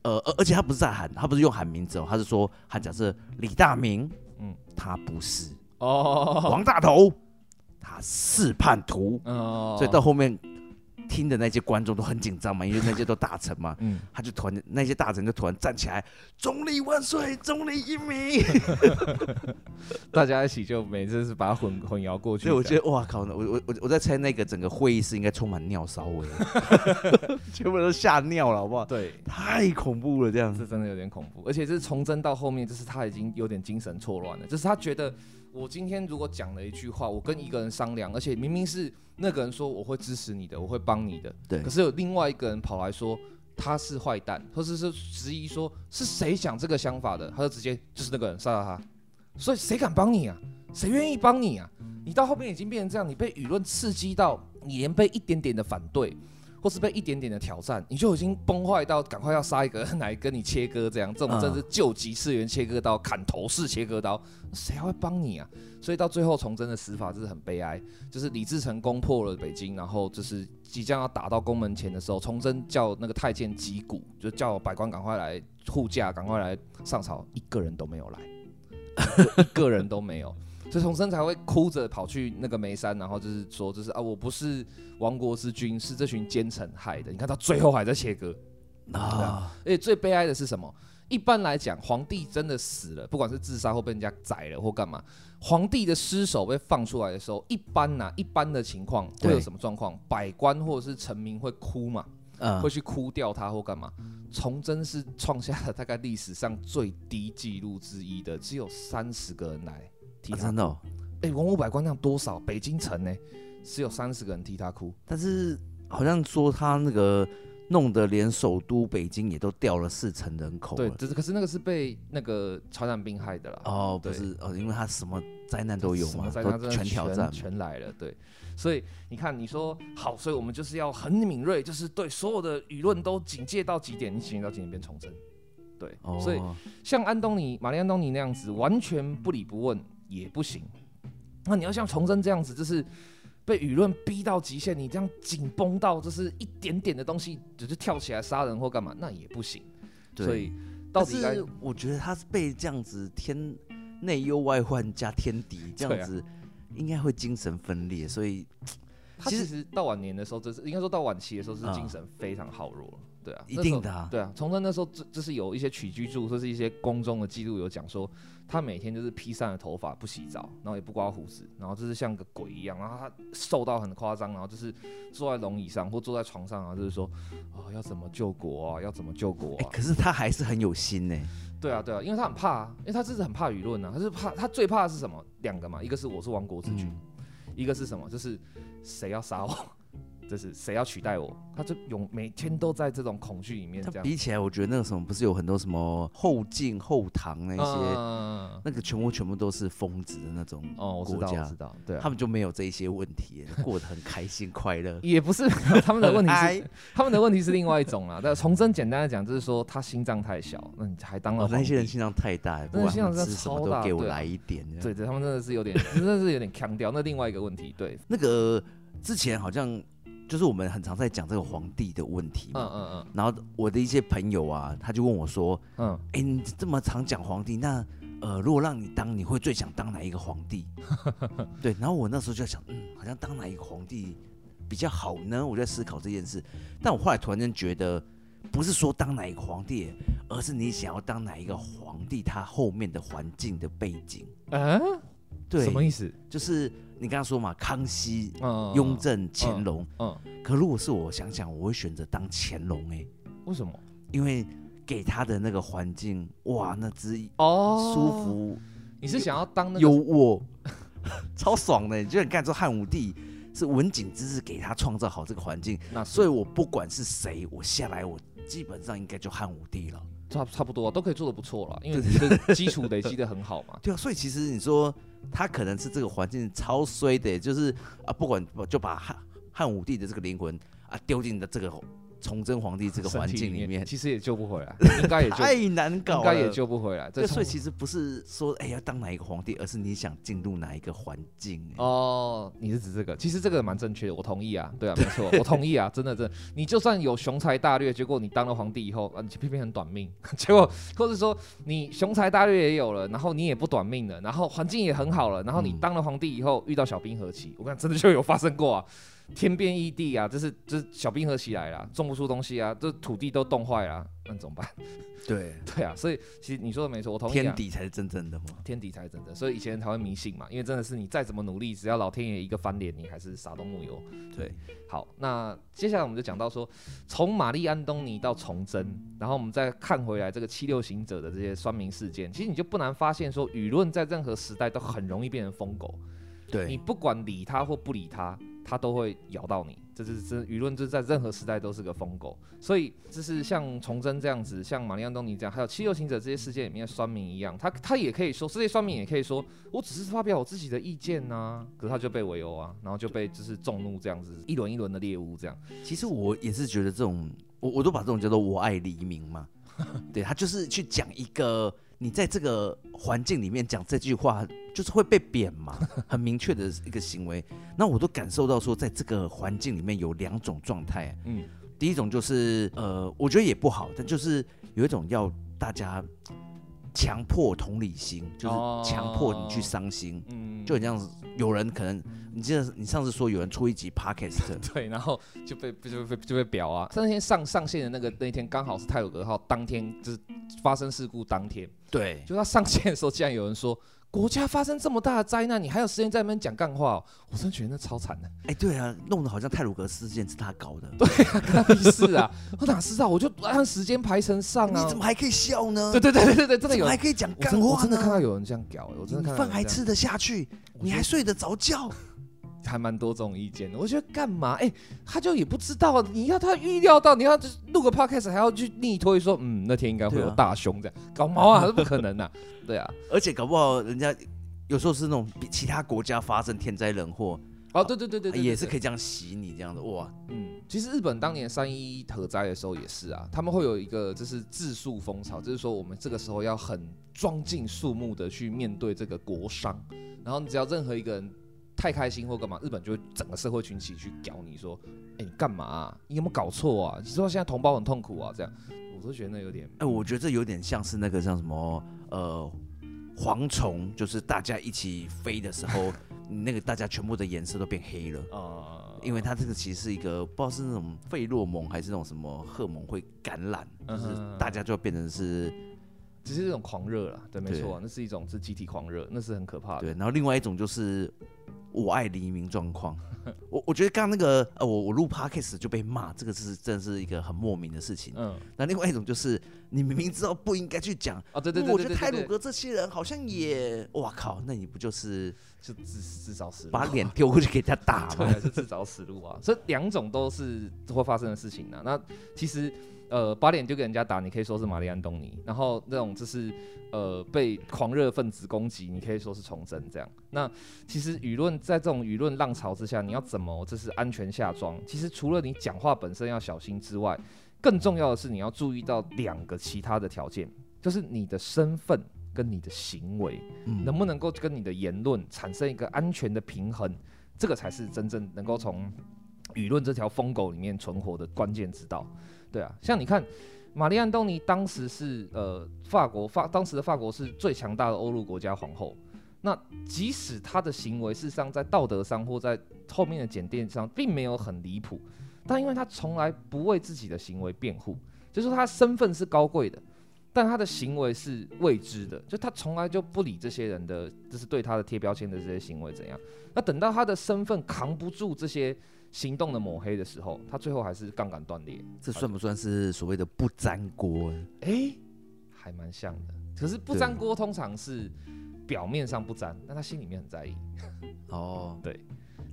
呃，而且他不是在喊，他不是用喊名字哦，他是說喊假設李大明，嗯，他不是哦，oh. 王大頭，他是叛徒，oh. 所以到後面。聽的那些觀眾都很緊張嘛，因為那些都大臣嘛， [LAUGHS] 嗯、他就突然那些大臣就突然站起來，總理萬歲，總理英明， [LAUGHS] 大家一起就每次是把它混混淆過去。所以我覺得哇靠，我我我我在猜那個整個會議室應該充滿尿騷味， [LAUGHS] [LAUGHS] 全部都嚇尿了，好不好？對，太恐怖了，這樣是真的有點恐怖，而且是崇禎到後面，就是他已經有點精神錯亂了，就是他覺得。我今天如果講了一句話，我跟一個人商量，而且明明是那個人說我會支持你的，我會幫你的，對可是有另外一個人跑來說他是壞蛋，或者是質疑說是誰想這個想法的，他就直接就是那個人殺了他。所以誰敢幫你啊？誰願意幫你啊？你到後面已經變成這樣，你被輿論刺激到，你連被一點點的反對。或是被一點點的挑戰，你就已經崩壞到趕快要殺一個人來跟你切割這，這樣這種真是救急次元切割刀、砍頭式切割刀，誰會幫你啊？所以到最後崇禎的死法就是很悲哀，就是李自成攻破了北京，然後就是即將要打到宮門前的時候，崇禎叫那個太監擊鼓，就叫百官趕快來護駕，趕快來上朝，一個人都沒有來， [LAUGHS] 一個人都沒有。所以崇禎才會哭着跑去那個煤山，然後就是說，就是啊，我不是亡國之君，是這群奸臣害的。你看他最後還在切割啊、嗯嗯嗯！而且最悲哀的是什麼？一般來講，皇帝真的死了，不管是自殺或被人家宰了或幹嘛，皇帝的屍首被放出來的時候，一般吶、啊，一般的情況會有什麼狀況？對百官或者是臣民會哭嘛？嗯，會去哭掉他或幹嘛？崇禎是創下了大概歷史上最低紀錄之一的，只有三十個人來。真到，哎替、oh, no.，文武百官那樣多少？北京城呢，是有三十個人替他哭。但是好像說他那個弄得連首都北京也都掉了四成人口了。對，是可是那個是被那個傳染病害的了。哦、oh, 對，不是，呃、哦，因為他什麼災難都有嘛，全，全挑戰全，全來了。對，所以你看，你說好，所以我們就是要很敏銳，就是對所有的輿論都警戒到極點，你警戒到極點，變重生。對，oh. 所以像安東尼、瑪麗安東尼那樣子，完全不理不問。也不行，那你要像崇禎這樣子，就是被輿論逼到極限，你這樣緊繃到，就是一點點的東西，就是跳起來殺人或幹嘛，那也不行。對所以到底應該，但是，我覺得他是被這樣子天內憂外患加天敵這樣子，應該會精神分裂。所以他其，其實到晚年的時候，就是應該說到晚期的時候，是精神非常耗弱、啊對啊，一定的、啊。對啊，崇禎那時候，就就是有一些起居注，就是一些宮中的記錄有講說，他每天就是披散的頭髮，不洗澡，然後也不刮鬍子，然後就是像個鬼一樣，然後他瘦到很誇張，然後就是坐在龍椅上或坐在床上啊，然後就是說啊、哦、要怎麼救國啊，要怎麼救國、啊欸。可是他還是很有心呢、欸。對啊，對啊，因為他很怕、啊，因為他這是很怕輿論啊，他是怕，他最怕的是什麼？兩個嘛，一個是我是亡國之君，嗯、一個是什麼？就是誰要殺我。就是誰要取代我，他就有每天都在這種恐懼裡面。他比起來，我覺得那個時候不是有很多什麼後晉、後唐那些，嗯嗯嗯嗯嗯那個全部全部都是瘋子的那種家哦，我知道，知道，對、啊，他們就沒有這一些問題， [LAUGHS] 過得很開心、快樂。也不是他們的問題唉他們的問題是另外一種啦。但崇禎簡單的講，就是說他心臟太小，那你還當了、哦、那些人心臟太大，心真的是什麼都給我來一點。對，對對，他們真的是有點， [LAUGHS] 真的是有點強調。那另外一個問題，對那個之前好像。就是我們很常在講這個皇帝的問題嘛，嗯嗯嗯，然後我的一些朋友啊，他就問我說，嗯，欸，你這麼常講皇帝，那呃，如果讓你當，你會最想當哪一個皇帝？對，然後我那時候就在想，嗯，好像當哪一個皇帝比較好呢？我在思考這件事，但我後來突然間覺得，不是說當哪一個皇帝，而是你想要當哪一個皇帝，他後面的環境的背景，啊，對，什麼意思？就是。你剛剛說嘛，康熙、雍正、乾隆，嗯，可如果是我想想，我會選擇當乾隆誒。為什麼？因為給他的那個環境，哇，那只哦舒服。你是想要當那個有我，超爽的。你覺得剛才說漢武帝是文景之治給他創造好這個環境，那所以，我不管是誰，我下來我基本上應該就漢武帝了。差差不多都可以做得不錯了，因為基礎累積得很好嘛。對啊，所以其實你說。他可能是這個環境超衰的，就是啊，不管就把漢漢武帝的這個靈魂啊丟進了這個。崇禎皇帝這個環境裡面，裡面，其實也救不回來， [LAUGHS] 應該太難搞了，應該也救不回來。所以其實不是說哎、欸、要當哪一個皇帝，而是你想進入哪一個環境、欸、哦。你是指這個？其實這個蠻正確的，我同意啊。對啊，沒錯，對我同意啊，真的真的。你就算有雄才大略，結果你當了皇帝以後啊，你偏偏很短命。結果或者說你雄才大略也有了，然後你也不短命了，然後環境也很好了，然後你當了皇帝以後、嗯、遇到小冰河期，我看真的就有發生過啊。天變異地啊，這是就是小冰河襲來了，種不出東西啊，這土地都凍壞了，那怎麼辦？對 [LAUGHS] 對啊，所以其實你說的沒錯，我同意啊。天底才是真正的嘛，天底才是真的，所以以前才會迷信嘛，因為真的是你再怎麼努力，只要老天爺一個翻臉，你還是啥都木有。對，對。好，那接下來我們就講到說，從瑪麗安東尼到崇禎，然後我們再看回來這個七六行者的這些酸民事件，其實你就不難發現說，輿論在任何時代都很容易變成瘋狗。嗯對你不管理他或不理他，他都會咬到你。這是真輿論，輿論就是在任何時代都是個瘋狗。所以就是像崇禎這樣子，像瑪麗安東尼這樣，還有七六行者這些事件裡面的酸民一樣，他他也可以說，這些酸民也可以說，我只是發表我自己的意見吶、啊。可是他就被圍毆啊，然後就被就是眾怒這樣子，就一輪一輪的獵物這樣。其實我也是覺得這種，我我都把這種叫做我愛黎明嘛。 [LAUGHS] 對，他就是去講一個。你在這個環境裡面講這句話，就是會被貶嘛，很明確的一個行為。那我都感受到說，在這個環境裡面有兩種狀態，嗯，第一種就是呃，我覺得也不好，但就是有一種要大家強迫同理心，就是強迫你去傷心。哦，嗯就很這樣子，有人可能，你記得你上次說有人出一集 podcast，的 [LAUGHS] 對，然後就被被就被就被，就被表啊。那天上上線的那個那一天剛好是太魯閣號當天，就是發生事故當天，對，就他上線的時候，竟然有人說。國家發生這麼大的災難，你還有時間在那邊講幹話喔？哦，我真的覺得那超慘的。哎、欸，對啊，弄得好像太魯閣事件是他搞的，對、啊，跟他屁事啊， [LAUGHS] 我哪知道？我就按時間排成上啊，你怎麼還可以笑呢？對對對對對，真的有，怎麼還可以講幹話。我，我真的看到有人這樣搞、欸，我真的看到。飯還吃得下去，說你還睡得着覺？還蠻多這種意見的，我覺得幹嘛？哎、欸，他就也不知道，你要他預料到，你要錄個 podcast 還要去逆推說，嗯，那天應該會有大凶這樣，啊、搞毛啊？ [LAUGHS] 不可能吶、啊！對啊，而且搞不好人家有時候是那種比其他國家發生天災人禍哦，啊、對、對、對、對、對對對對，也是可以這樣洗你這樣子哇，嗯，其實日本當年三一一核災的時候也是啊，他們會有一個就是自述風潮，就是說我們這個時候要很莊敬肅穆的去面對這個國殤，然後你只要任何一個人。太開心或幹嘛，日本就會整個社會群體去屌。你說，哎、欸，你幹嘛、啊？你有沒有搞錯啊？你說現在同胞很痛苦啊？這樣，我都覺得那有點，哎、欸，我覺得這有點像是那個像什麼，呃，蝗蟲，就是大家一起飛的時候， [LAUGHS] 那個大家全部的顏色都變黑了，哦， [LAUGHS] 因為它這個其實是一個不知道是那種費洛蒙還是那種什麼荷蒙會感染，就是大家就變成是。 [LAUGHS] 嗯哼嗯哼只是這種狂熱了，對，對沒錯、啊，那是一種是集體狂熱，那是很可怕的。對，然後另外一種就是我愛黎明狀況。 [LAUGHS] 我我覺得剛剛那個呃，我我錄 Podcast 就被罵，這個是真的是一個很莫名的事情。嗯，那另外一種就是你明明知道不應該去講啊，哦、對、對、對、對、對、對、對對對。我覺得太魯閣這些人好像也，哇靠，那你不就是就自自找死，把臉丟過去給他打嗎？ [LAUGHS] 對自找死路啊， [LAUGHS] 所以兩種都是會發生的事情呢、啊。那其實。呃，把臉丟給人家打，你可以說是瑪麗·安東尼。然後那種就是，呃，被狂熱分子攻擊，你可以說是崇禎這樣。那其實輿論在這種輿論浪潮之下，你要怎麼這是安全下莊？其實除了你講話本身要小心之外，更重要的是你要注意到兩個其他的條件，就是你的身份跟你的行為、嗯、能不能夠跟你的言論產生一個安全的平衡，這個才是真正能夠從輿論這條瘋狗裡面存活的關鍵之道。對啊，像你看，瑪麗·安東尼當時是呃，法國法當時的法國是最強大的歐陸國家皇後。那即使她的行為事實上在道德上或在後面的檢點上並沒有很離譜，但因為她從來不為自己的行為辯護，就是說她身份是高貴的，但她的行為是未知的，就她從來就不理這些人的，就是對她的貼標籤的這些行為怎樣。那等到她的身份扛不住這些。行動的抹黑的時候，他最後還是槓桿斷裂。這算不算是所謂的不粘鍋、欸？哎、欸，還蠻像的。可是不粘鍋通常是表面上不粘，對但他心裡面很在意。哦， [LAUGHS] 對，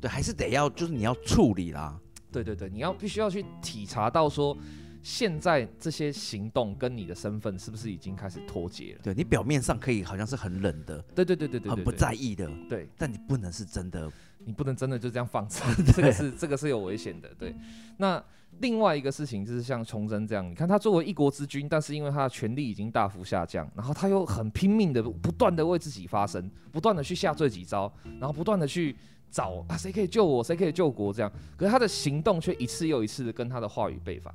對，還是得要，就是你要處理啦。對對對，你要必須要去體察到說，現在這些行動跟你的身份是不是已經開始脫節了？對，你表面上可以好像是很冷的，對對對對對，對對對對對，很不在意的，對，對但你不能是真的。你不能真的就這樣放着，這個是 [LAUGHS] 這個是有危險的。對，那另外一個事情就是像崇禎這樣，你看他作為一國之君，但是因為他的權力已經大幅下降，然後他又很拼命的不斷的為自己發聲，不斷的去下罪己詔，然後不斷的去找啊誰可以救我，誰可以救國這樣，可是他的行動卻一次又一次的跟他的話語背反。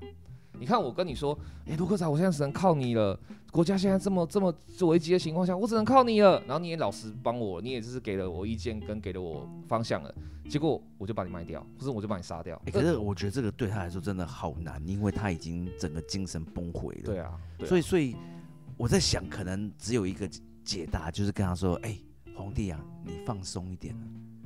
你看，我跟你說，哎、欸，盧科長，我現在只能靠你了。國家現在這麼這麼危急的情況下，我只能靠你了。然後你也老實幫我，你也只是給了我意見跟給了我方向了。結果我就把你賣掉，或者我就把你殺掉、欸。可是我覺得這個對他來說真的好難，因為他已經整個精神崩潰了對、啊。對啊，所以所以我在想，可能只有一個解答，就是跟他說：“哎、欸，皇帝啊，你放鬆一點。”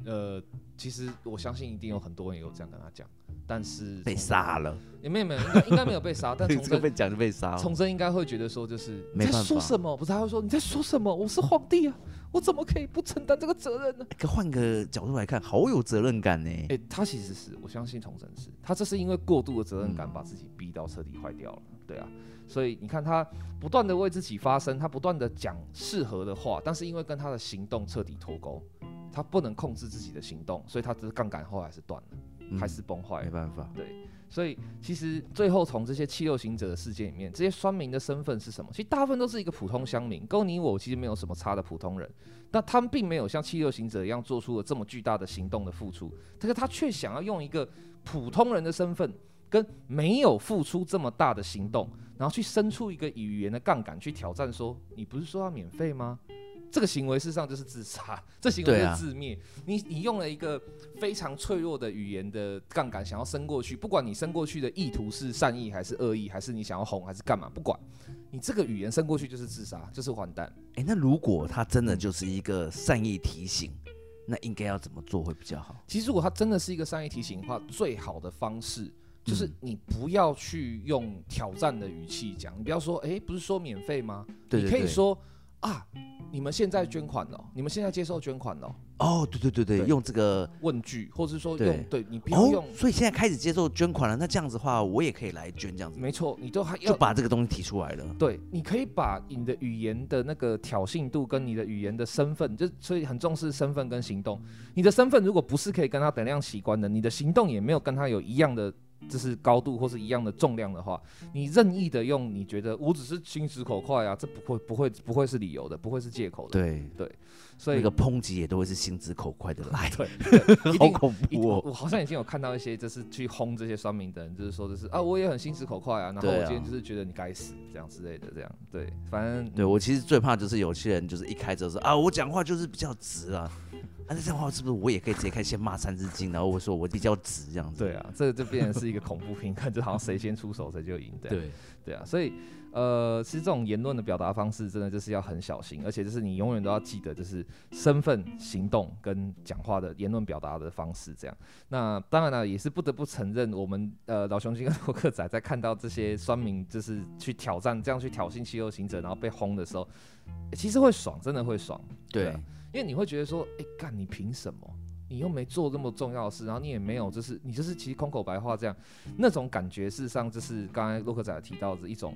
呃。其實我相信一定有很多人有這樣跟他講，但是被殺了。也沒有沒有，應該沒有被殺。被講就被殺。崇禎應該會覺得說就是沒辦法，你在說什麼，不是？他會說你在說什麼？我是皇帝啊，哦、我怎麼可以不承擔這個責任呢、啊欸？可換個角度來看，好有責任感呢、欸。誒、欸，他其實是我相信崇禎是他這是因為過度的責任感把自己逼到徹底壞掉了。嗯、對啊，所以你看他不斷的為自己發聲，他不斷的講適合的話，但是因為跟他的行動徹底脫鈎。他不能控制自己的行動，所以他的槓桿後來還是斷了，嗯、還是崩壞，沒辦法。對，所以其實最後從這些七六行者的事件裡面，這些酸民的身份是什麼？其實大部分都是一個普通鄉民，跟你我，我其實沒有什麼差的普通人。但他們並沒有像七六行者一樣做出了這麼巨大的行動的付出，但是他卻想要用一個普通人的身份，跟沒有付出這麼大的行動，然後去伸出一個語言的槓桿去挑戰說：“你不是說要免費嗎？”這個行為事實上就是自殺，這個、行為是自滅。啊、你你用了一個非常脆弱的語言的槓桿，想要伸過去，不管你伸過去的意圖是善意還是惡意，還是你想要哄還是幹嘛，不管你這個語言伸過去就是自殺，就是完蛋。誒、欸，那如果他真的就是一個善意提醒，那應該要怎麼做會比較好？其實如果他真的是一個善意提醒的話，最好的方式就是你不要去用挑戰的語氣講，嗯、你不要說誒、欸，不是說免費嗎？對對對，你可以說。啊！你們現在捐款了？你們現在接受捐款了？哦，對對對對，用這個問句，或者說用對，對，你不要用，哦。所以現在開始接受捐款了，那這樣子的話，我也可以來捐，這樣子。沒錯，你都還要就把這個東西提出來了。對，你可以把你的語言的那個挑釁度跟你的語言的身份，就所以很重視身份跟行動。你的身份如果不是可以跟他等量齊觀的，你的行動也沒有跟他有一樣的，這是高度或是一樣的重量的話，你任意的用，你覺得我只是心直口快啊，這不會不會不會是理由的，不會是借口的。對對，所以那個抨擊也都會是心直口快的來。對，對 [LAUGHS] 好恐怖、哦。我好像已經有看到一些，就是去轟這些酸民的人，就是說就是啊，我也很心直口快啊，然後我今天就是覺得你該死這樣之類的這樣。對，反正對我其實最怕就是有些人就是一開始說啊，我講話就是比較直啊。那、啊、這樣的話是不是我也可以直接開先罵三字經？然後我說我比較直這樣子？對啊，這個、就變成是一個恐怖片，看 [LAUGHS] 就好像誰先出手誰就贏。對啊對，對啊，所以呃，其實這種言論的表達方式，真的就是要很小心，而且就是你永遠都要記得，就是身份、行動跟講話的言論表達的方式這樣。那當然了，也是不得不承認，我們呃老熊精跟洛克仔在看到這些酸民就是去挑戰，這樣去挑釁七六行者，然後被轟的時候，其實會爽，真的會爽。對、啊。對因為你會覺得說，哎、欸，幹你憑什麼？你又沒做這麼重要的事，然後你也沒有，就是你就是其實空口白話這樣，那種感覺，事實上就是剛才洛克仔提到的一種。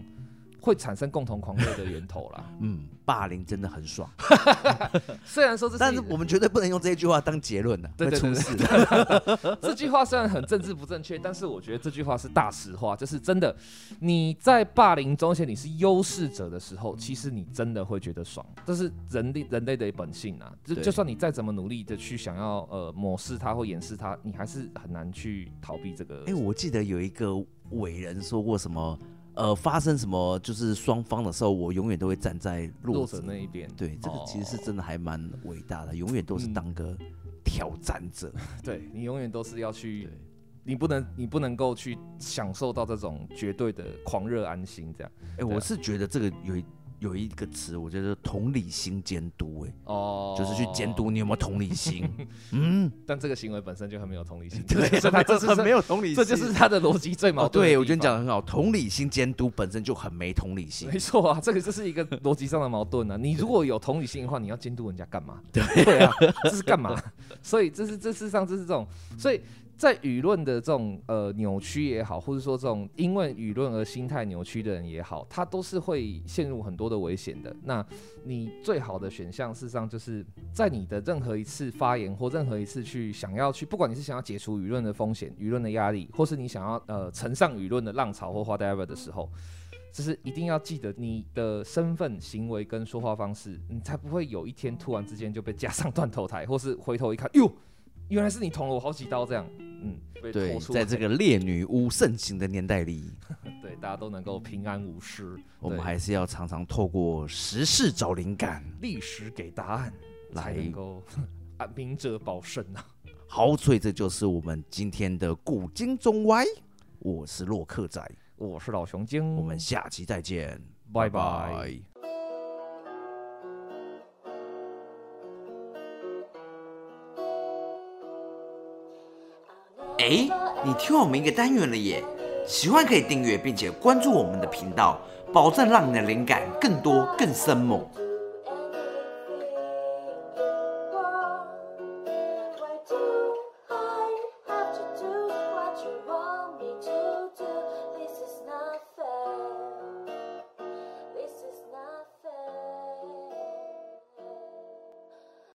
會產生共同狂熱的源頭啦。 [LAUGHS] 嗯，霸凌真的很爽。 [LAUGHS] 雖然說這，但是我們絕對不能用這一句話當結論的， [LAUGHS] 對對對對會出事。這句話雖然很政治不正確，但是我覺得這句話是大實話，就是真的。你在霸凌中，且你是優勢者的時候，其實你真的會覺得爽。這是人類人類的本性啊，對就就算你再怎麼努力的去想要呃抹拭它或掩飾它，你還是很難去逃避這個。哎、欸，我記得有一個偉人說過什麼？呃，發生什麼就是雙方的時候，我永遠都會站在弱者，弱者那一邊。對，喔、這個其實是真的還蠻偉大的，永遠都是當個挑戰者。嗯、對你永遠都是要去，對你不能你不能夠去享受到這種絕對的狂熱安心這樣。哎、欸，啊、我是覺得這個有。有一個詞，我覺得同理心監督，哎，哦，就是去監督你有沒有同理心，嗯，但這個行為本身就很沒有同理心，對，他這是沒有同理心，這就是他的邏輯最矛盾。對，我覺得你講的很好，同理心監督本身就很沒同理心，沒錯啊，這個就是一個邏輯上的矛盾啊。你如果有同理心的話，你要監督人家幹嘛？對啊，這是幹嘛？所以這是這世上這是這種，所以。在輿論的這種呃扭曲也好，或是說這種因為輿論而心態扭曲的人也好，他都是會陷入很多的危險的。那你最好的選項，事實上就是在你的任何一次發言或任何一次去想要去，不管你是想要解除輿論的風險、輿論的壓力，或是你想要呃乘上輿論的浪潮或 whatever 的時候，就是一定要記得你的身份、行為跟說話方式，你才不會有一天突然之間就被加上斷頭台，或是回頭一看喲。原來是你捅了我好幾刀，這樣，嗯，對，在這個獵女巫盛行的年代裡， [LAUGHS] 對，大家都能夠平安無事。我們還是要常常透過時事找靈感，歷對史給答案，才能夠來 [LAUGHS] 啊，明哲保身啊，好，所以這就是我們今天的古今中歪。我是洛克仔，我是老熊精，我們下期再見，拜拜。拜拜哎，你聽我們一個單元了耶，喜歡可以訂閱並且關注我們的頻道，保證讓你的靈感更多更生猛。